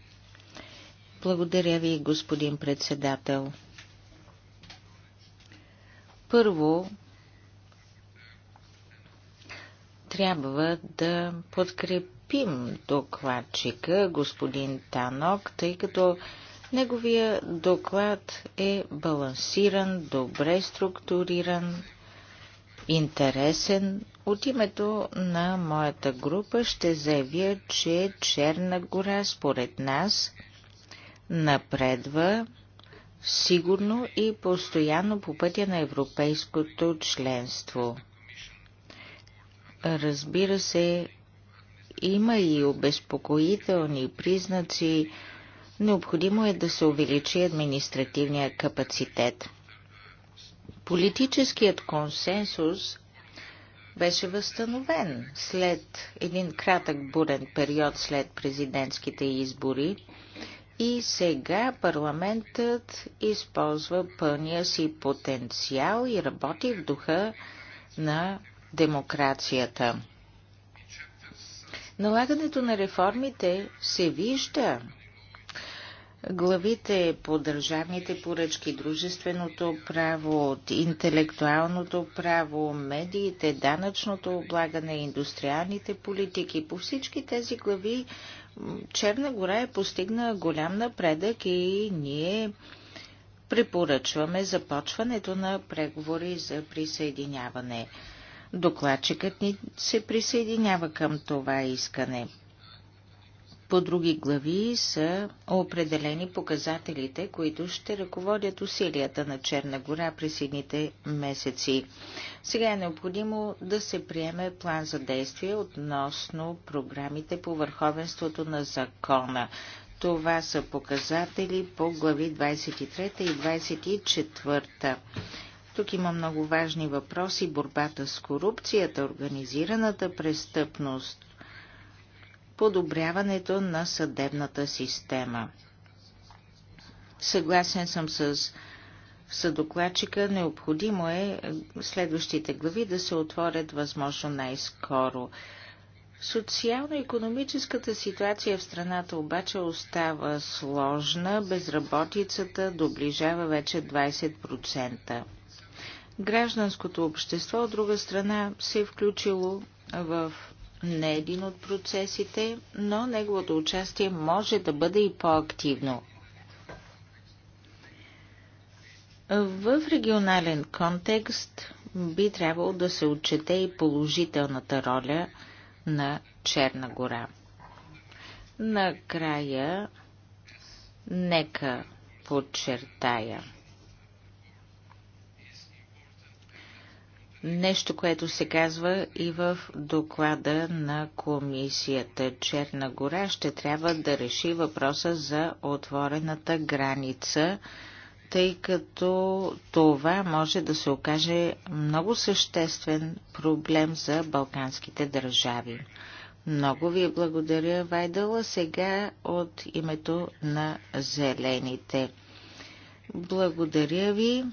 Speaker 2: Благодаря ви, господин председател. Първо, трябва да подкрепим докладчика, господин Танок, тъй като неговия доклад е балансиран, добре структуриран, интересен. От името на моята група ще заявя, че Черна гора според нас напредва сигурно и постоянно по пътя на европейското членство. Разбира се, има и обезпокоителни признаци. Необходимо е да се увеличи административния капацитет. Политическият консенсус беше възстановен след един кратък бурен период след президентските избори и сега парламентът използва пълния си потенциал и работи в духа на демокрацията. Налагането на реформите се вижда главите по държавните поръчки, дружественото право, интелектуалното право, медиите, данъчното облагане, индустриалните политики. По всички тези глави Черна гора е постигна голям напредък и ние препоръчваме започването на преговори за присъединяване. Докладчикът ни се присъединява към това искане. По други глави са определени показателите, които ще ръководят усилията на Черна гора през едните месеци. Сега е необходимо да се приеме план за действие относно програмите по върховенството на закона. Това са показатели по глави 23 и 24. Тук има много важни въпроси. Борбата с корупцията, организираната престъпност, подобряването на съдебната система. Съгласен съм с съдокладчика, необходимо е следващите глави да се отворят възможно най-скоро. Социално-економическата ситуация в страната обаче остава сложна, безработицата доближава вече 20%. Гражданското общество, от друга страна, се е включило в не е един от процесите, но неговото участие може да бъде и по-активно. В регионален контекст би трябвало да се отчете и положителната роля на Черна гора. Накрая, нека подчертая – Нещо, което се казва и в доклада на комисията Черна гора, ще трябва да реши въпроса за отворената граница, тъй като това може да се окаже много съществен проблем за балканските държави. Много ви благодаря, Вайдала, сега от името на зелените. Благодаря ви.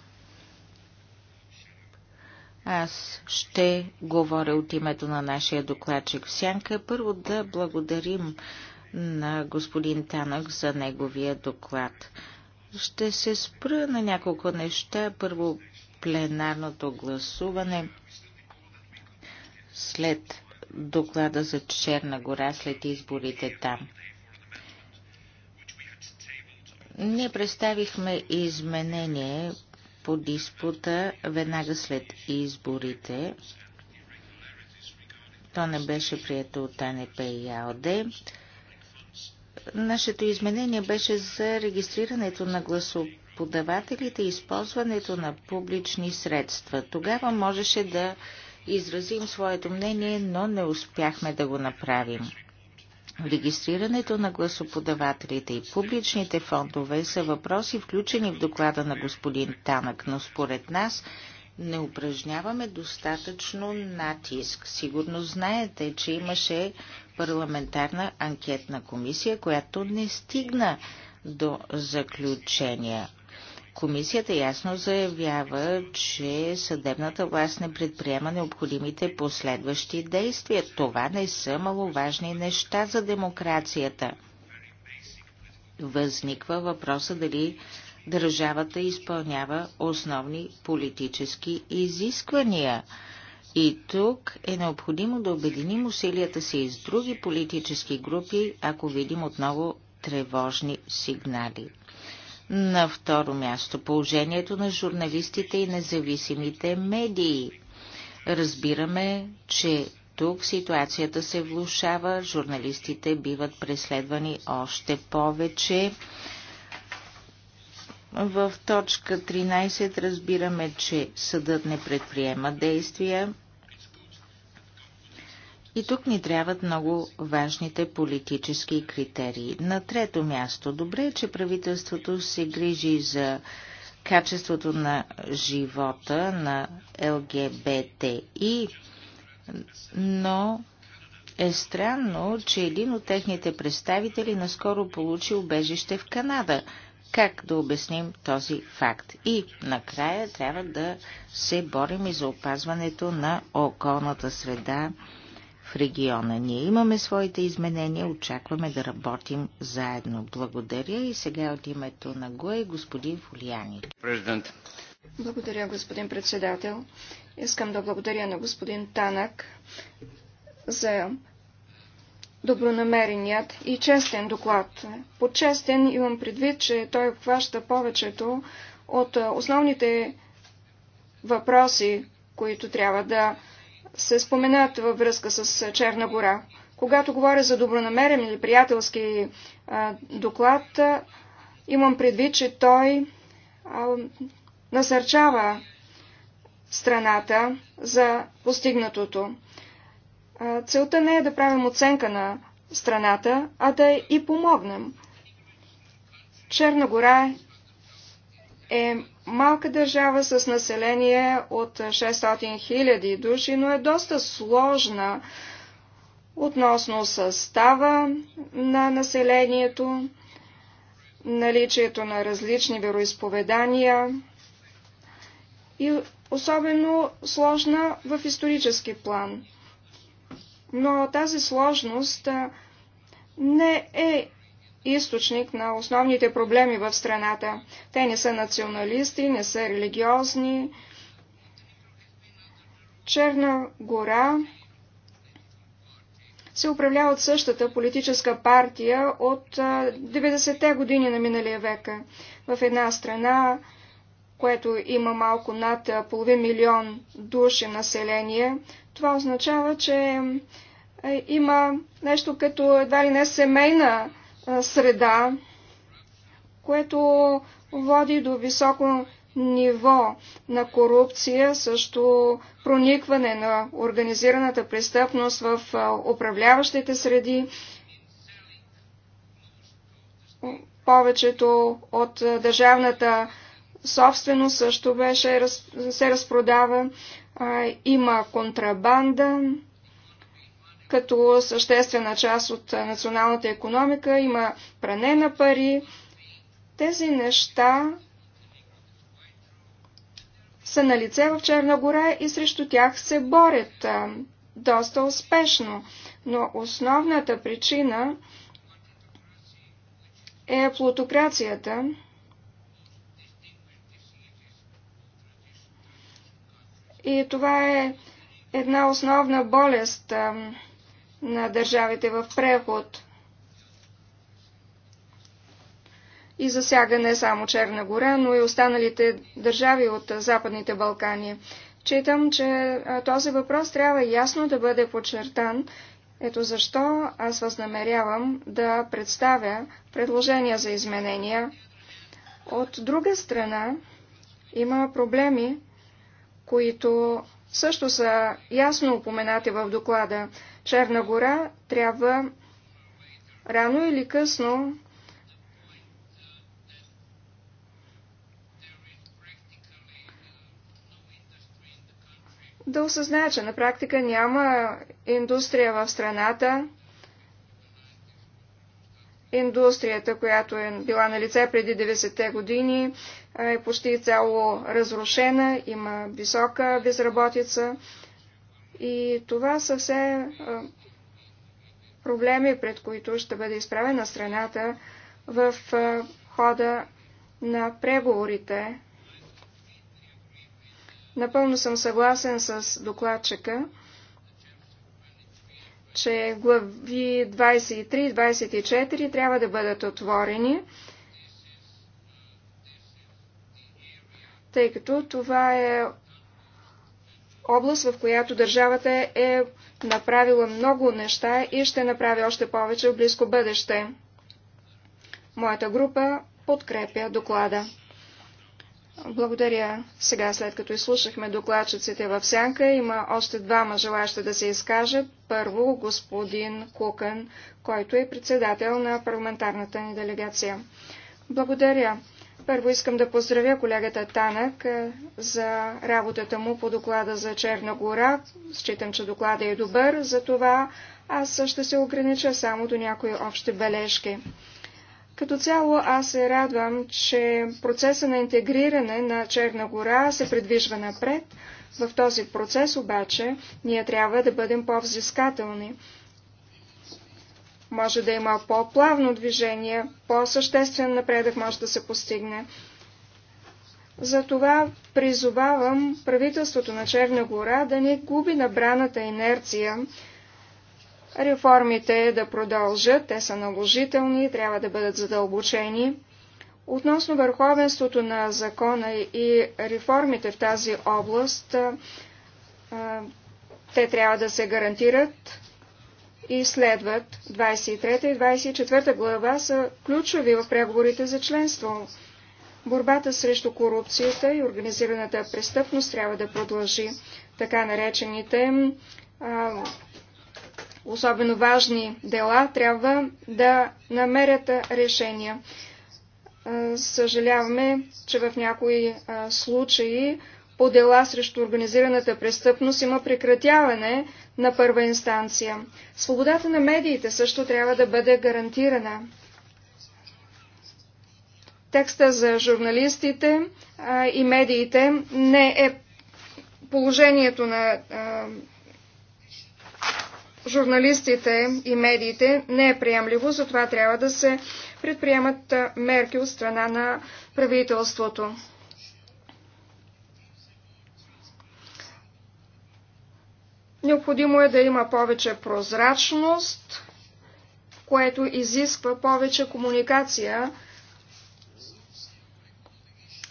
Speaker 2: Аз ще говоря от името на нашия докладчик Сянка. Първо да благодарим на господин Танък за неговия доклад. Ще се спра на няколко неща. Първо пленарното гласуване след доклада за Черна гора след изборите там. Ние представихме изменение по диспута веднага след изборите. То не беше прието от АНП и АОД. Нашето изменение беше за регистрирането на гласоподавателите и използването на публични средства. Тогава можеше да изразим своето мнение, но не успяхме да го направим. Регистрирането на гласоподавателите и публичните фондове са въпроси, включени в доклада на господин Танък, но според нас не упражняваме достатъчно натиск. Сигурно знаете, че имаше парламентарна анкетна комисия, която не стигна до заключения. Комисията ясно заявява, че съдебната власт не предприема необходимите последващи действия. Това не са маловажни неща за демокрацията. Възниква въпроса дали държавата изпълнява основни политически изисквания. И тук е необходимо да обединим усилията си с други политически групи, ако видим отново тревожни сигнали. На второ място положението на журналистите и независимите медии. Разбираме, че тук ситуацията се влушава, журналистите биват преследвани още повече. В точка 13 разбираме, че съдът не предприема действия и тук ни трябват много важните политически критерии. На трето място, добре е, че правителството се грижи за качеството на живота на ЛГБТИ, но е странно, че един от техните представители наскоро получи убежище в Канада. Как да обясним този факт? И накрая трябва да се борим и за опазването на околната среда в региона. Ние имаме своите изменения, очакваме да работим заедно. Благодаря и сега от името на ГОЕ господин Фулиани.
Speaker 4: Президент. Благодаря, господин председател. Искам да благодаря на господин Танак за добронамереният и честен доклад. По честен имам предвид, че той обхваща повечето от основните въпроси, които трябва да се споменат във връзка с Черна гора. Когато говоря за добронамерен или приятелски а, доклад, а, имам предвид, че той а, насърчава страната за постигнатото. А, целта не е да правим оценка на страната, а да и помогнем. Черна гора е малка държава с население от 600 000 души, но е доста сложна относно състава на населението, наличието на различни вероисповедания и особено сложна в исторически план. Но тази сложност не е източник на основните проблеми в страната. Те не са националисти, не са религиозни. Черна гора се управлява от същата политическа партия от 90-те години на миналия века. В една страна, което има малко над половин милион души население, това означава, че има нещо като едва ли не семейна среда, което води до високо ниво на корупция, също проникване на организираната престъпност в управляващите среди. Повечето от държавната собственост също беше, се разпродава. Има контрабанда, като съществена част от националната економика, има пране на пари. Тези неща са на лице в Черна гора и срещу тях се борят доста успешно. Но основната причина е плутокрацията. И това е една основна болест а, на държавите в преход и засяга не само Черна гора, но и останалите държави от Западните Балкани. Читам, че този въпрос трябва ясно да бъде подчертан. Ето защо аз възнамерявам да представя предложения за изменения. От друга страна, има проблеми, които също са ясно упоменати в доклада. Черна гора трябва рано или късно да осъзнае, че на практика няма индустрия в страната. Индустрията, която е била на лице преди 90-те години, е почти цяло разрушена, има висока безработица. И това са все проблеми, пред които ще бъде изправена страната в хода на преговорите. Напълно съм съгласен с докладчика, че глави 23 24 трябва да бъдат отворени, тъй като това е област, в която държавата е направила много неща и ще направи още повече в близко бъдеще. Моята група подкрепя доклада. Благодаря. Сега, след като изслушахме докладчиците в сянка, има още двама желаща да се изкажат. Първо, господин Кукън, който е председател на парламентарната ни делегация. Благодаря. Първо искам да поздравя колегата Танък е, за работата му по доклада за Черна гора. Считам, че доклада е добър, за това аз ще се огранича само до някои общи бележки. Като цяло аз се радвам, че процеса на интегриране на Черна гора се предвижва напред. В този процес обаче ние трябва да бъдем по-взискателни. Може да има по-плавно движение, по-съществен напредък може да се постигне. Затова призовавам правителството на Черна гора да не губи набраната инерция. Реформите да продължат, те са наложителни, трябва да бъдат задълбочени. Относно върховенството на закона и реформите в тази област, те трябва да се гарантират и следват 23 и 24 глава са ключови в преговорите за членство. Борбата срещу корупцията и организираната престъпност трябва да продължи. Така наречените а, особено важни дела трябва да намерят решения. съжаляваме, че в някои случаи по дела срещу организираната престъпност има прекратяване на първа инстанция. Свободата на медиите също трябва да бъде гарантирана. Текста за журналистите а, и медиите не е положението на а, журналистите и медиите не е приемливо, затова трябва да се предприемат мерки от страна на правителството. Необходимо е да има повече прозрачност, което изисква повече комуникация.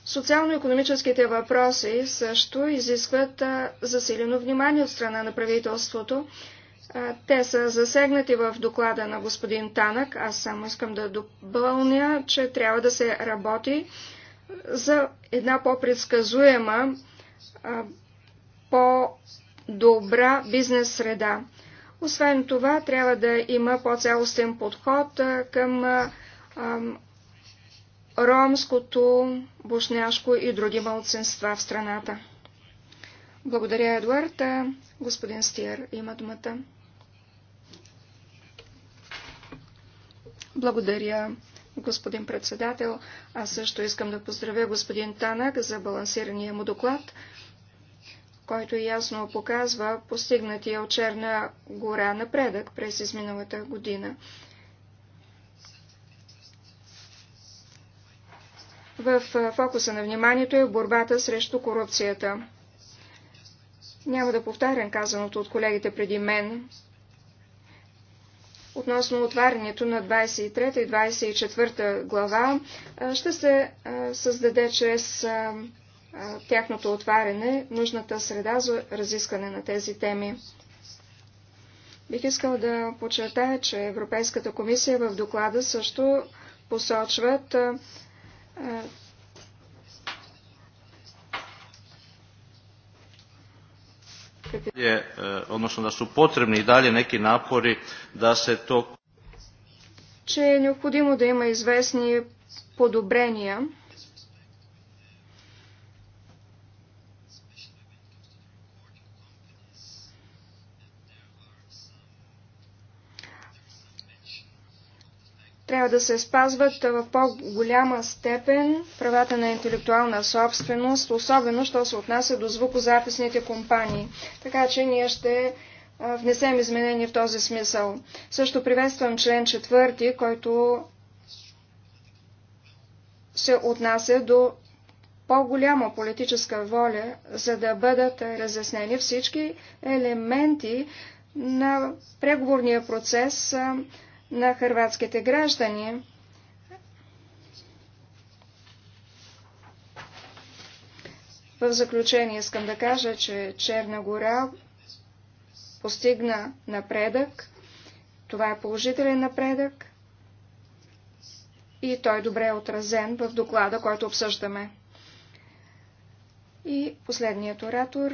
Speaker 4: Социално-економическите въпроси също изискват засилено внимание от страна на правителството. Те са засегнати в доклада на господин Танък. Аз само искам да допълня, че трябва да се работи за една по-предсказуема, по добра бизнес среда. Освен това, трябва да има по-цялостен подход към ромското, бошняшко и други малцинства в страната. Благодаря, Едуард. Господин Стиер има думата. Благодаря, господин председател. Аз също искам да поздравя господин Танак за балансирания му доклад който ясно показва постигнатия от Черна гора напредък през изминалата година. В фокуса на вниманието е борбата срещу корупцията. Няма да повтарям казаното от колегите преди мен относно отварянето на 23 и 24 глава ще се създаде чрез тяхното отваряне, нужната среда за разискане на тези теми. Бих искал да подчертая, че Европейската комисия в доклада също посочват
Speaker 1: je, е, е, odnosno da su potrebni i dalje neki napori da se to...
Speaker 4: Че е необходимо да има известни подобрения Трябва да се спазват в по-голяма степен правата на интелектуална собственост, особено, що се отнася до звукозаписните компании. Така че ние ще внесем изменения в този смисъл. Също приветствам член четвърти, който се отнася до по-голяма политическа воля, за да бъдат разяснени всички елементи на преговорния процес на хърватските граждани. В заключение искам да кажа, че Черна гора постигна напредък. Това е положителен напредък и той добре е отразен в доклада, който обсъждаме. И последният оратор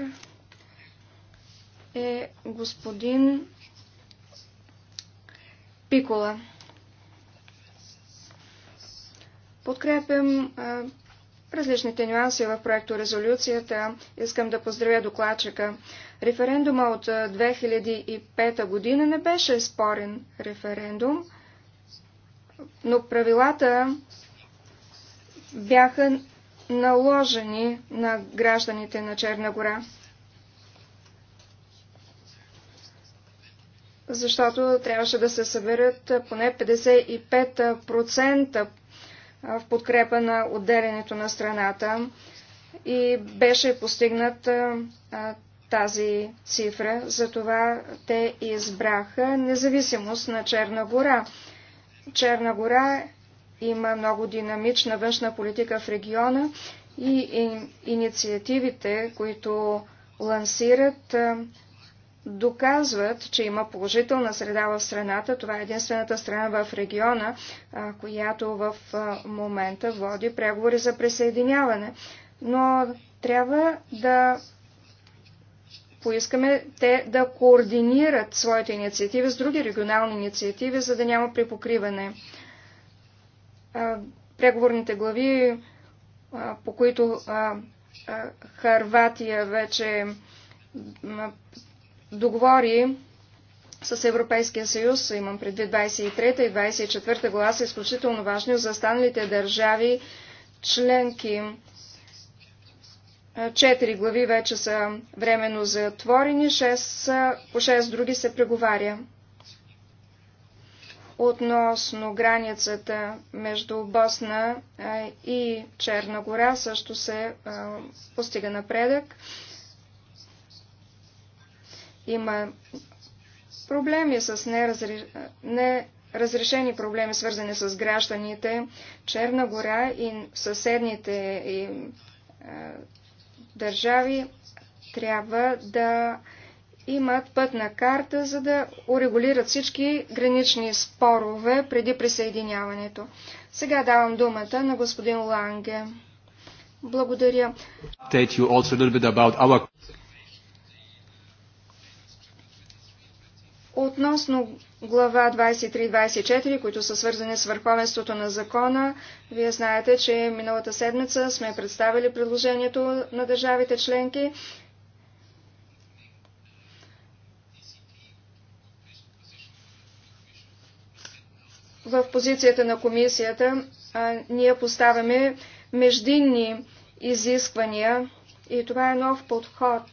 Speaker 4: е господин Пикола. Подкрепям а, различните нюанси в проекто резолюцията. Искам да поздравя докладчика. Референдума от 2005 година не беше спорен референдум, но правилата бяха наложени на гражданите на Черна гора. защото трябваше да се съберат поне 55% в подкрепа на отделянето на страната и беше постигнат тази цифра, затова те избраха независимост на Черна гора. Черна гора има много динамична външна политика в региона и инициативите, които лансират, доказват, че има положителна среда в страната. Това е единствената страна в региона, която в момента води преговори за присъединяване. Но трябва да поискаме те да координират своите инициативи с други регионални инициативи, за да няма припокриване. Преговорните глави, по които Харватия вече договори с Европейския съюз, имам предвид 23 и 24 глава, са изключително важни за останалите държави членки. Четири глави вече са временно затворени, 6, по 6 други се преговаря. Относно границата между Босна и Черна гора също се постига напредък. Има проблеми с неразри... неразрешени проблеми, свързани с гражданите. Черна гора и съседните и, а, е, държави трябва да имат пътна карта, за да урегулират всички гранични спорове преди присъединяването. Сега давам думата на господин Ланге. Благодаря. Относно глава 23-24, които са свързани с върховенството на закона, вие знаете, че миналата седмица сме представили предложението на държавите членки. В позицията на комисията а, ние поставяме междинни изисквания и това е нов подход.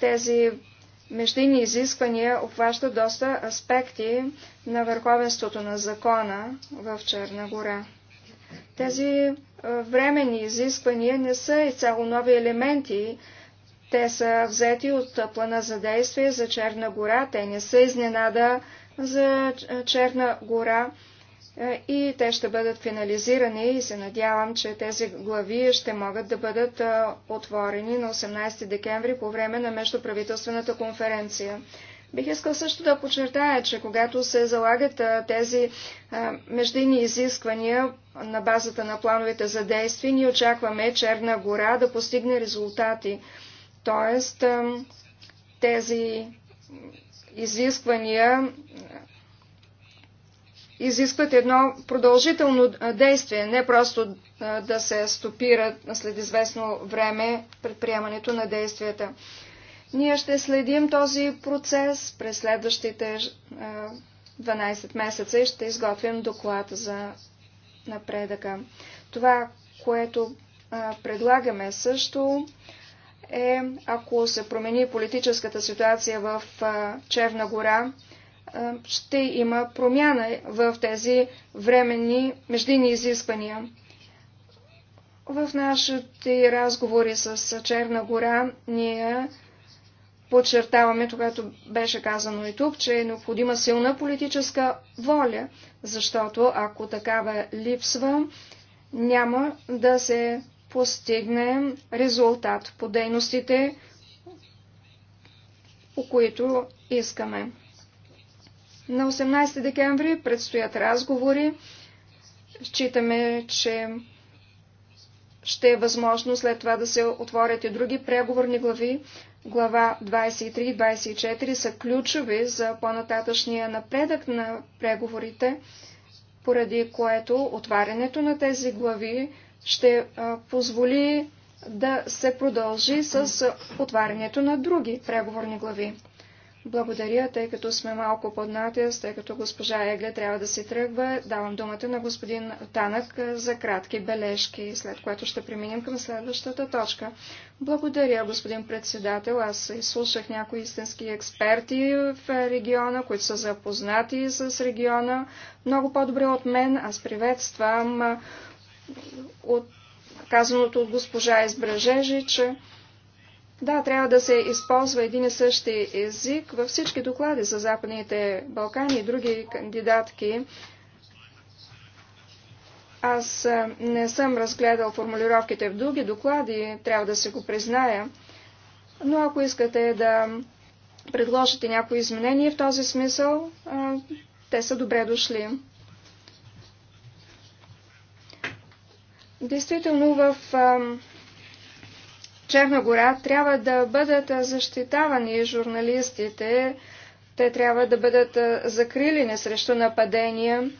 Speaker 4: Тези междинни изисквания обхваща доста аспекти на върховенството на закона в Черна гора. Тези е, временни изисквания не са изцяло нови елементи. Те са взети от плана за действие за Черна гора. Те не са изненада за Черна гора. Е, и те ще бъдат финализирани и се надявам, че тези глави ще могат да бъдат е, отворени на 18 декември по време на Междуправителствената конференция. Бих искал също да подчертая, че когато се залагат е, тези междинни изисквания на базата на плановете за действие, ние очакваме Черна гора да постигне резултати. Тоест, тези изисквания изискват едно продължително действие, не просто да се стопира след известно време предприемането на действията. Ние ще следим този процес през следващите 12 месеца и ще изготвим доклад за напредъка. Това, което предлагаме също е, ако се промени политическата ситуация в Черна гора, е, ще има промяна в тези временни междинни изисквания. В нашите разговори с Черна гора ние подчертаваме, когато беше казано и тук, че е необходима силна политическа воля, защото ако такава липсва, няма да се постигне резултат по дейностите, по които искаме. На 18 декември предстоят разговори. Считаме, че ще е възможно след това да се отворят и други преговорни глави. Глава 23 и 24 са ключови за по-нататъчния напредък на преговорите, поради което отварянето на тези глави ще позволи да се продължи с отварянето на други преговорни глави. Благодаря, тъй като сме малко под натис, тъй като госпожа Егле трябва да си тръгва. Давам думата на господин Танък за кратки бележки, след което ще преминем към следващата точка. Благодаря, господин председател. Аз изслушах някои истински експерти в региона, които са запознати с региона много по-добре от мен. Аз приветствам от казаното от госпожа Избражежи, че да, трябва да се използва един и същи език във всички доклади за Западните Балкани и други кандидатки. Аз не съм разгледал формулировките в други доклади, трябва да се го призная. Но ако искате да предложите някои изменения в този смисъл, те са добре дошли. Действително в Черна гора трябва да бъдат защитавани журналистите, те трябва да бъдат закрилени срещу нападения,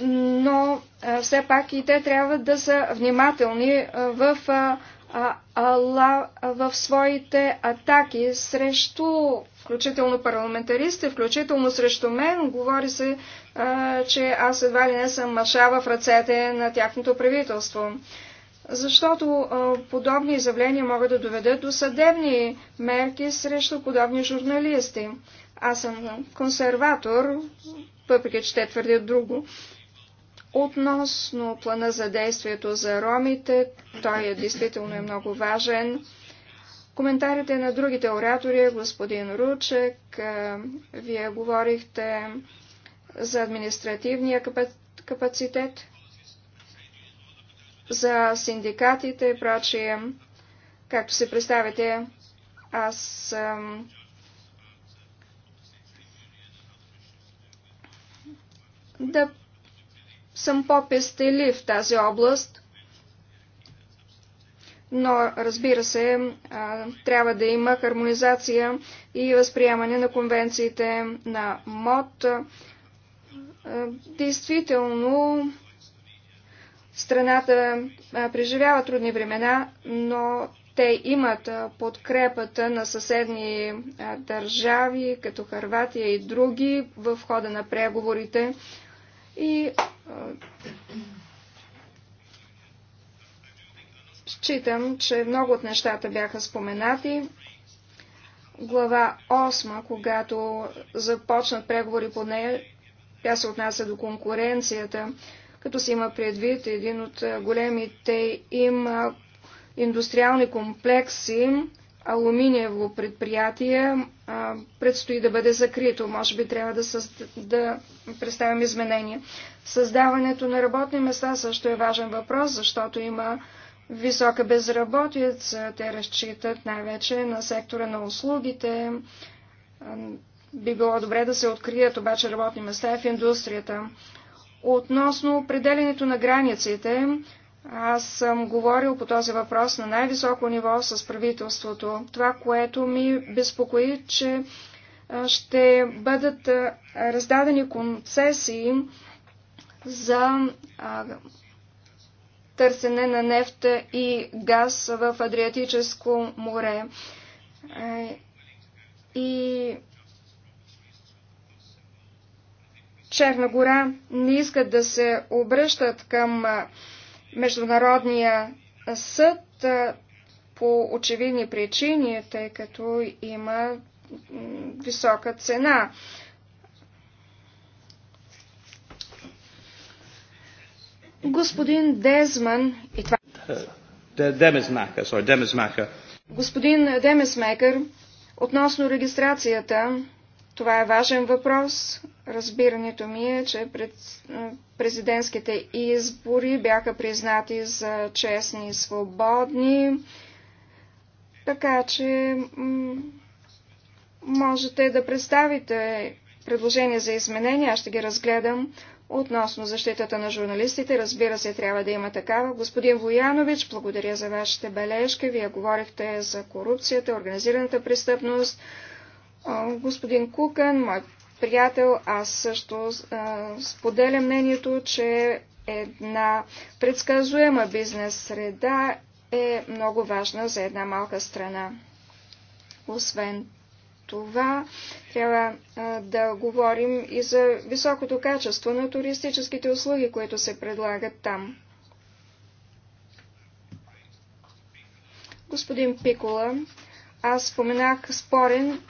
Speaker 4: но все пак и те трябва да са внимателни в, в своите атаки срещу, включително парламентаристи, включително срещу мен. Говори се, че аз едва ли не съм маша в ръцете на тяхното правителство защото а, подобни изявления могат да доведат до съдебни мерки срещу подобни журналисти. Аз съм консерватор, въпреки че те твърдят друго. Относно плана за действието за ромите, той е действително е много важен. Коментарите на другите оратори, господин Ручек, а, вие говорихте за административния капацитет за синдикатите и прочие. Както се представите, аз да съм по-пестели в тази област, но разбира се, трябва да има хармонизация и възприемане на конвенциите на МОД. действително, Страната преживява трудни времена, но те имат подкрепата на съседни държави, като Харватия и други, в хода на преговорите. И считам, че много от нещата бяха споменати. Глава 8, когато започнат преговори по нея, тя се отнася до конкуренцията като се има предвид един от големите им индустриални комплекси, алуминиево предприятие, предстои да бъде закрито. Може би трябва да, създ... да представим изменения. Създаването на работни места също е важен въпрос, защото има висока безработица. Те разчитат най-вече на сектора на услугите. Би било добре да се открият обаче работни места в индустрията. Относно определенето на границите, аз съм говорил по този въпрос на най-високо ниво с правителството. Това, което ми безпокои, че ще бъдат раздадени концесии за търсене на нефта и газ в Адриатическо море. Е, и Черна гора не искат да се обръщат към Международния съд по очевидни причини, тъй като има висока цена. Господин Дезман и това...
Speaker 1: Демезмакър, sorry, Демезмакър.
Speaker 4: Господин Демезмакър, относно регистрацията това е важен въпрос. Разбирането ми е, че пред, президентските избори бяха признати за честни и свободни, така че можете да представите предложения за изменения, аз ще ги разгледам. Относно защитата на журналистите, разбира се, трябва да има такава. Господин Воянович, благодаря за вашите бележки. Вие говорихте за корупцията, организираната престъпност, Господин Кукън, мой приятел, аз също а, споделя мнението, че една предсказуема бизнес среда е много важна за една малка страна. Освен това, трябва а, да говорим и за високото качество на туристическите услуги, които се предлагат там. Господин Пикола, аз споменах спорен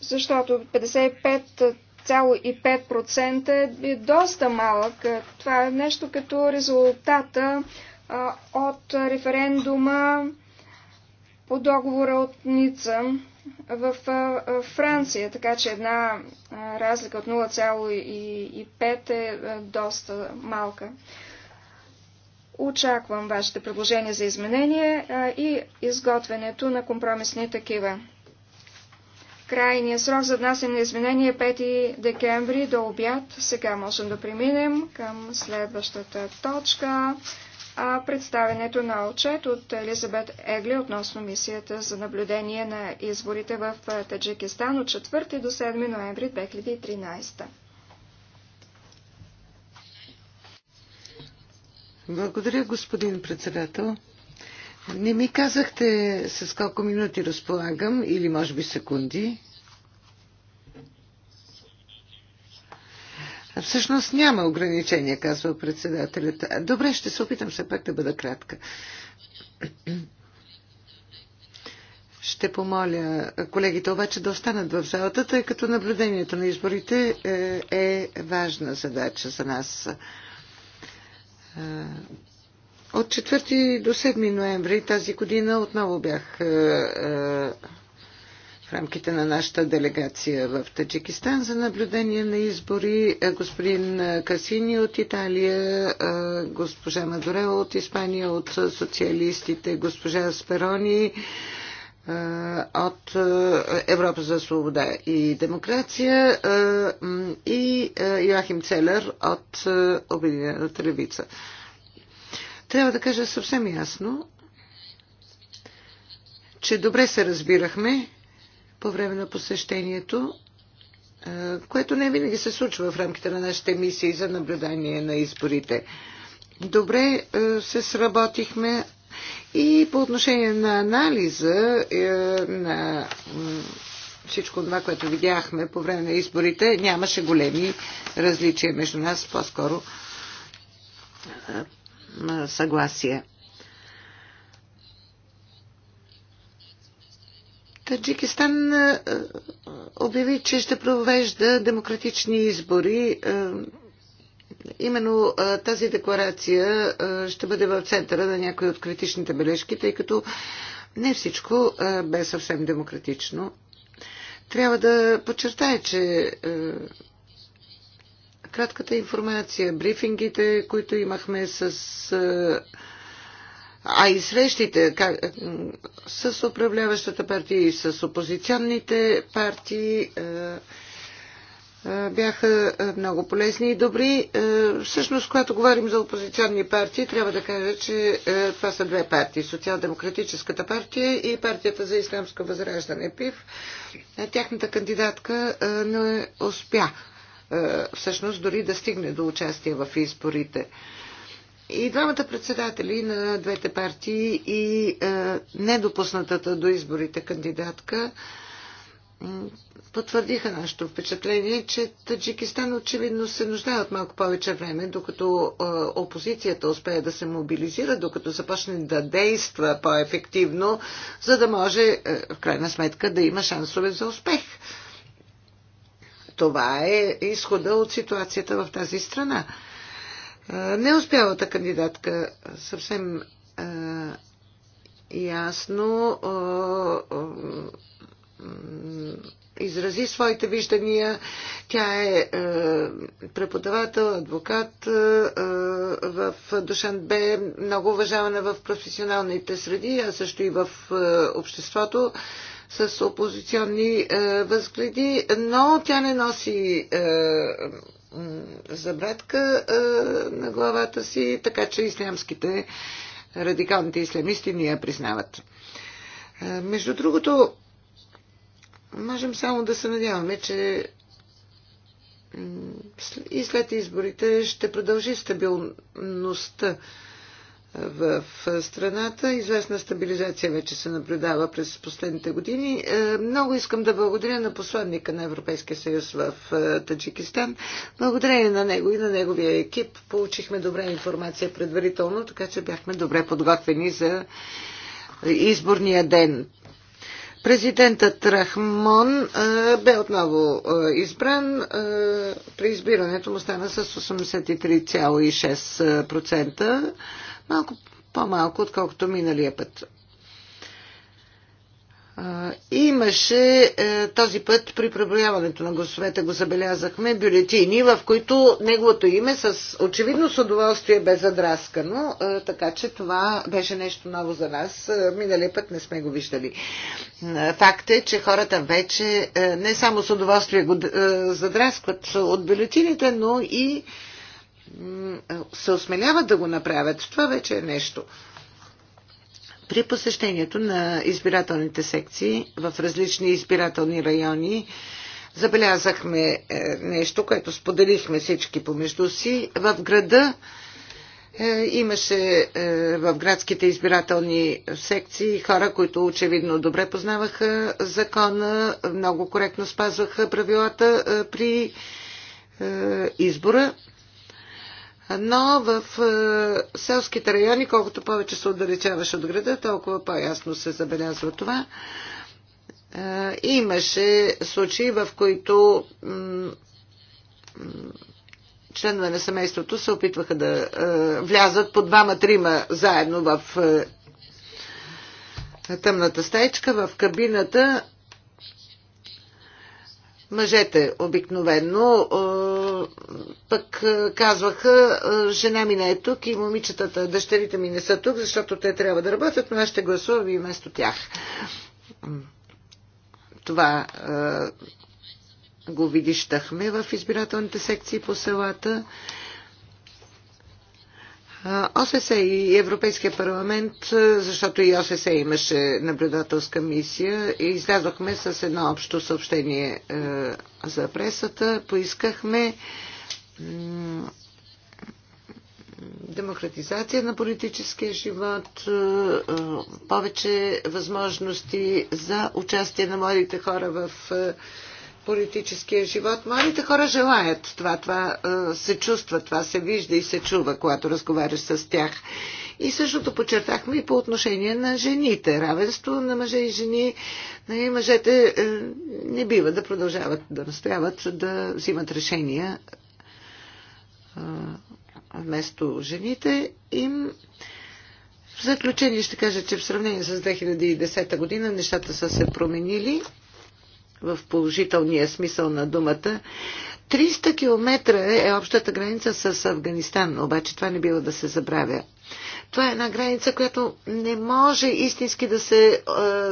Speaker 4: защото 55,5% е доста малък. Това е нещо като резултата от референдума по договора от Ница в Франция, така че една разлика от 0,5 е доста малка. Очаквам вашите предложения за изменения и изготвянето на компромисни такива. Крайният срок за внасяне на изменения е 5 декември до обяд. Сега можем да преминем към следващата точка. А представенето на отчет от Елизабет Егли относно мисията за наблюдение на изборите в Таджикистан от 4 до 7 ноември 2013.
Speaker 3: Благодаря, господин председател. Не ми казахте с колко минути разполагам или може би секунди. Всъщност няма ограничения, казва председателят. Добре, ще се опитам все пак да бъда кратка. Ще помоля колегите обаче да останат в залата, тъй като наблюдението на изборите е, е важна задача за нас. От 4 до 7 ноември тази година отново бях е, е, в рамките на нашата делегация в Таджикистан за наблюдение на избори. Е, господин Касини от Италия, госпожа Мадорел от Испания, от социалистите, госпожа Сперони от Европа за свобода и демокрация и Йоахим Целер от Обединената левица. Трябва да кажа съвсем ясно, че добре се разбирахме по време на посещението, което не винаги се случва в рамките на нашите мисии за наблюдание на изборите. Добре се сработихме и по отношение на анализа на всичко това, което видяхме по време на изборите, нямаше големи различия между нас, по-скоро съгласие. Таджикистан е, е, обяви, че ще провежда демократични избори. Е, именно тази декларация ще бъде в центъра на някои от критичните бележки, тъй като не всичко бе съвсем демократично. Трябва да подчертая, че кратката информация, брифингите, които имахме с. А и срещите как, с управляващата партия и с опозиционните партии бяха много полезни и добри. Всъщност, когато говорим за опозиционни партии, трябва да кажа, че това са две партии. Социал-демократическата партия и партията за исламско възраждане ПИВ. Тяхната кандидатка не успя е, всъщност дори да стигне до участие в изборите. И двамата председатели на двете партии и е, недопуснатата до изборите кандидатка потвърдиха нашето впечатление, че Таджикистан очевидно се нуждае от малко повече време, докато е, опозицията успее да се мобилизира, докато започне да действа по-ефективно, за да може е, в крайна сметка да има шансове за успех. Това е изхода от ситуацията в тази страна. Не успялата кандидатка съвсем ясно изрази своите виждания. Тя е, е преподавател, адвокат е, в Душанбе, много уважавана в професионалните среди, а също и в е, обществото с опозиционни е, възгледи, но тя не носи е, забратка е, на главата си, така че ислямските, радикалните ислямисти ни я признават. Между другото, можем само да се надяваме, че и след изборите ще продължи стабилността в страната. Известна стабилизация вече се наблюдава през последните години. Е, много искам да благодаря на посланника на Европейския съюз в е, Таджикистан. Благодарение на него и на неговия екип получихме добра информация предварително, така че бяхме добре подготвени за изборния ден. Президентът Рахмон а, е, бе отново а, избран. А, при избирането му стана с 83,6% малко по-малко, отколкото миналия път. Имаше е, този път при преброяването на гласовете, го забелязахме, бюлетини, в които неговото име с очевидно с удоволствие бе задраскано, е, така че това беше нещо ново за нас. Е, миналия път не сме го виждали. Факт е, че хората вече не само с удоволствие го задраскват от бюлетините, но и се осмеляват да го направят, това вече е нещо. При посещението на избирателните секции в различни избирателни райони забелязахме е, нещо, което споделихме всички помежду си. В града е, имаше е, в градските избирателни секции хора, които очевидно добре познаваха закона, много коректно спазваха правилата при избора но в е, селските райони, колкото повече се отдалечаваш от града, толкова по-ясно се забелязва това. Е, имаше случаи, в които членове на семейството се опитваха да е, влязат по двама-трима заедно в тъмната стайчка, в кабината Мъжете обикновено пък казваха, жена ми не е тук и момичетата, дъщерите ми не са тук, защото те трябва да работят, но аз ще гласувам и вместо тях. Това го видищахме в избирателните секции по селата. ОССЕ и Европейския парламент, защото и ОССЕ имаше наблюдателска мисия, и излязохме с едно общо съобщение за пресата. Поискахме демократизация на политическия живот, повече възможности за участие на младите хора в политическия живот. Младите хора желаят това, това е, се чувства, това се вижда и се чува, когато разговаряш с тях. И същото подчертахме и по отношение на жените. Равенство на мъже и жени. И нали, мъжете е, не бива да продължават да настояват да взимат решения е, вместо жените им. В заключение ще кажа, че в сравнение с 2010 година нещата са се променили в положителния смисъл на думата. 300 км е общата граница с Афганистан, обаче това не бива да се забравя. Това е една граница, която не може истински да се е,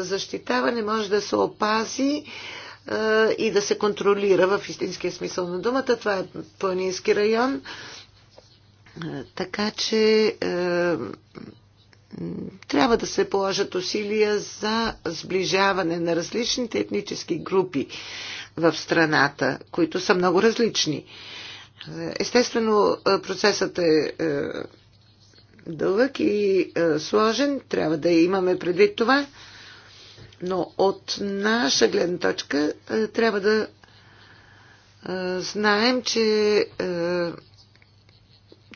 Speaker 3: защитава, не може да се опази е, и да се контролира в истинския смисъл на думата. Това е планински район. Е, така че трябва да се положат усилия за сближаване на различните етнически групи в страната, които са много различни. Естествено, процесът е, е дълъг и е, сложен, трябва да имаме предвид това, но от наша гледна точка е, трябва да знаем, че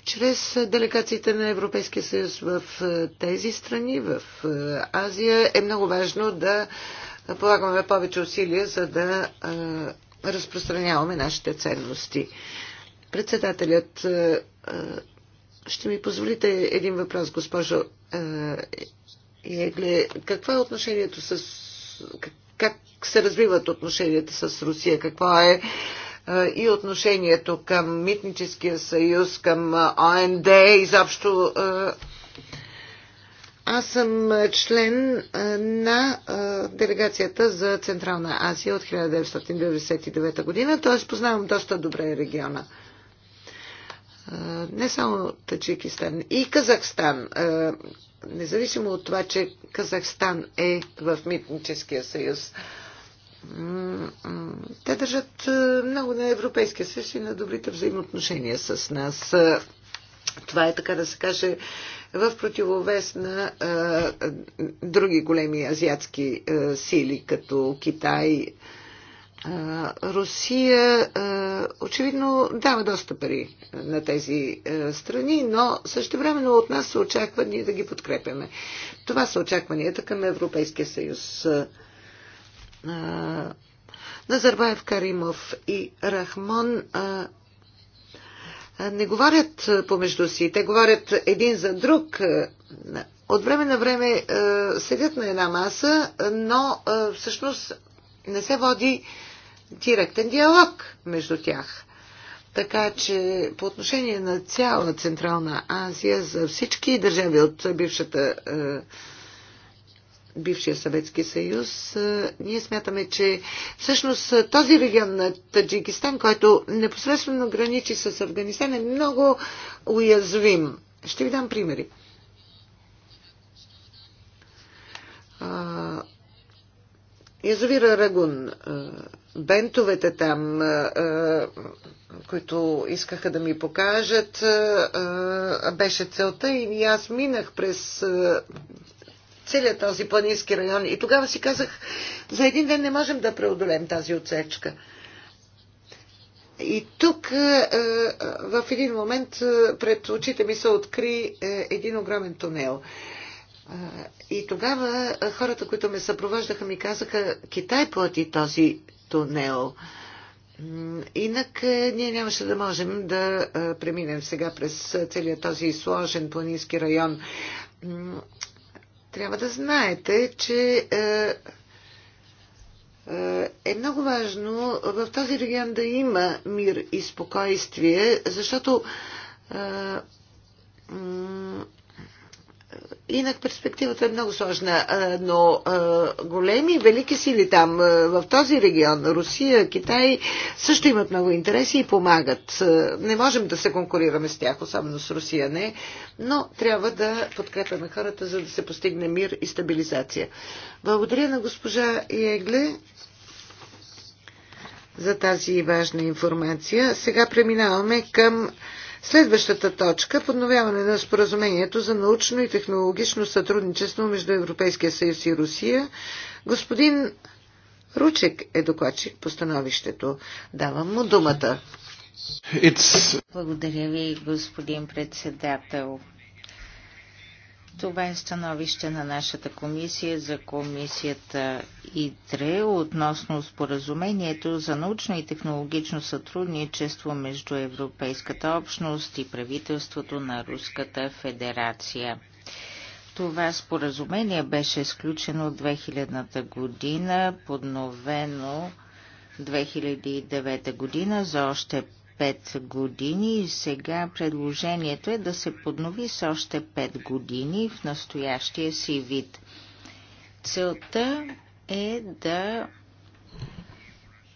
Speaker 3: чрез делегациите на Европейския съюз в е, тези страни, в е, Азия, е много важно да полагаме повече усилия, за да е, разпространяваме нашите ценности. Председателят, ще ми позволите един въпрос, госпожо Егле. Какво е отношението с... Как се развиват отношенията с Русия? Какво е и отношението към Митническия съюз, към ОНД, изобщо аз съм член на делегацията за Централна Азия от 1999 година, т.е. познавам доста добре региона. Не само Таджикистан, и Казахстан. Независимо от това, че Казахстан е в Митническия съюз. Те държат много на Европейския съюз и на добрите взаимоотношения с нас. Това е, така да се каже, в противовес на а, други големи азиатски а, сили, като Китай. А, Русия а, очевидно дава доста пари на тези а, страни, но също времено от нас се очаква ние да ги подкрепяме. Това са очакванията към Европейския съюз. Назарбаев, Каримов и Рахмон не говорят помежду си. Те говорят един за друг. От време на време седят на една маса, но всъщност не се води директен диалог между тях. Така че по отношение на цяла Централна Азия, за всички държави от бившата бившия Съветски съюз, ние смятаме, че всъщност този регион на Таджикистан, който непосредствено граничи с Афганистан, е много уязвим. Ще ви дам примери. Язовира Рагун, бентовете там, които искаха да ми покажат, беше целта и аз минах през целият този планински район. И тогава си казах, за един ден не можем да преодолем тази отсечка. И тук е, е, в един момент е, пред очите ми се откри един огромен тунел. И тогава хората, които ме съпровождаха, ми казаха, Китай плати този тунел. Инак ние нямаше да можем да преминем сега през целия този сложен планински район трябва да знаете, че е, е, е много важно в този регион да има мир и спокойствие, защото е, Инак перспективата е много сложна, но големи, велики сили там, в този регион, Русия, Китай, също имат много интереси и помагат. Не можем да се конкурираме с тях, особено с Русия не, но трябва да подкрепяме хората, за да се постигне мир и стабилизация. Благодаря на госпожа Егле за тази важна информация. Сега преминаваме към Следващата точка – подновяване на споразумението за научно и технологично сътрудничество между Европейския съюз и Русия. Господин Ручек е докладчик по становището. Давам му думата. It's...
Speaker 2: Благодаря ви, господин председател. Това е становище на нашата комисия за комисията ИТРЕ относно споразумението за научно и технологично сътрудничество между Европейската общност и правителството на Руската федерация. Това споразумение беше сключено 2000-та година, подновено 2009 година за още 5 години и сега предложението е да се поднови с още 5 години в настоящия си вид. Целта е да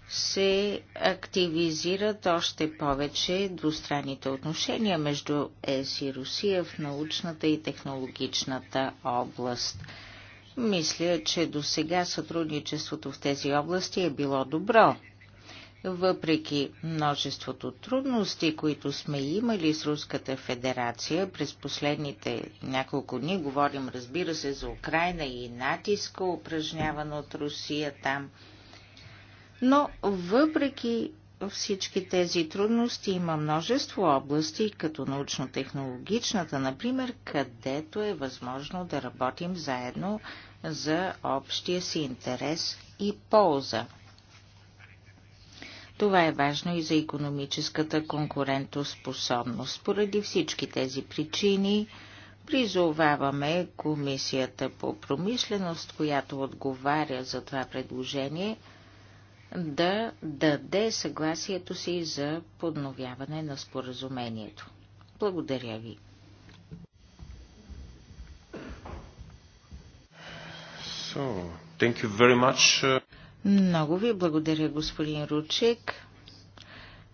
Speaker 2: се активизират още повече двустранните отношения между ЕС и Русия в научната и технологичната област. Мисля, че до сега сътрудничеството в тези области е било добро. Въпреки множеството трудности, които сме имали с Руската федерация през последните няколко дни, говорим разбира се за Украина и натиска, упражняван от Русия там, но въпреки всички тези трудности има множество области, като научно-технологичната, например, където е възможно да работим заедно за общия си интерес и полза. Това е важно и за економическата конкурентоспособност. Поради всички тези причини призоваваме Комисията по промишленост, която отговаря за това предложение, да даде съгласието си за подновяване на споразумението. Благодаря ви.
Speaker 1: So, thank you very much.
Speaker 2: Много ви благодаря, господин Ручек.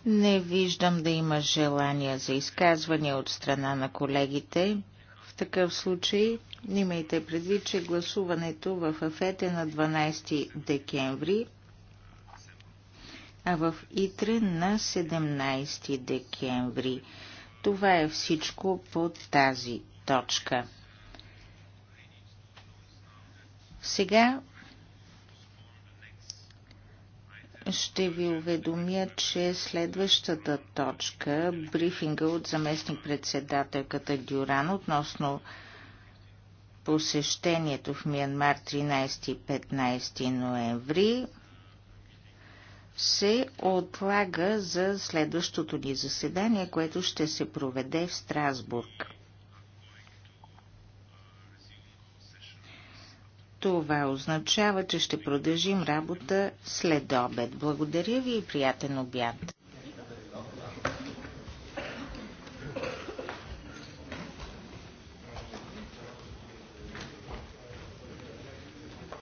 Speaker 2: Не виждам да има желания за изказвания от страна на колегите. В такъв случай имайте предвид, че гласуването в АФЕТ е на 12 декември, а в ИТРЕ на 17 декември. Това е всичко по тази точка. Сега ще ви уведомя, че следващата точка, брифинга от заместник-председателката Дюран относно посещението в Миянмар 13 и 15 ноември, се отлага за следващото ни заседание, което ще се проведе в Страсбург. Това означава, че ще продължим работа след обед. Благодаря ви и приятен обяд!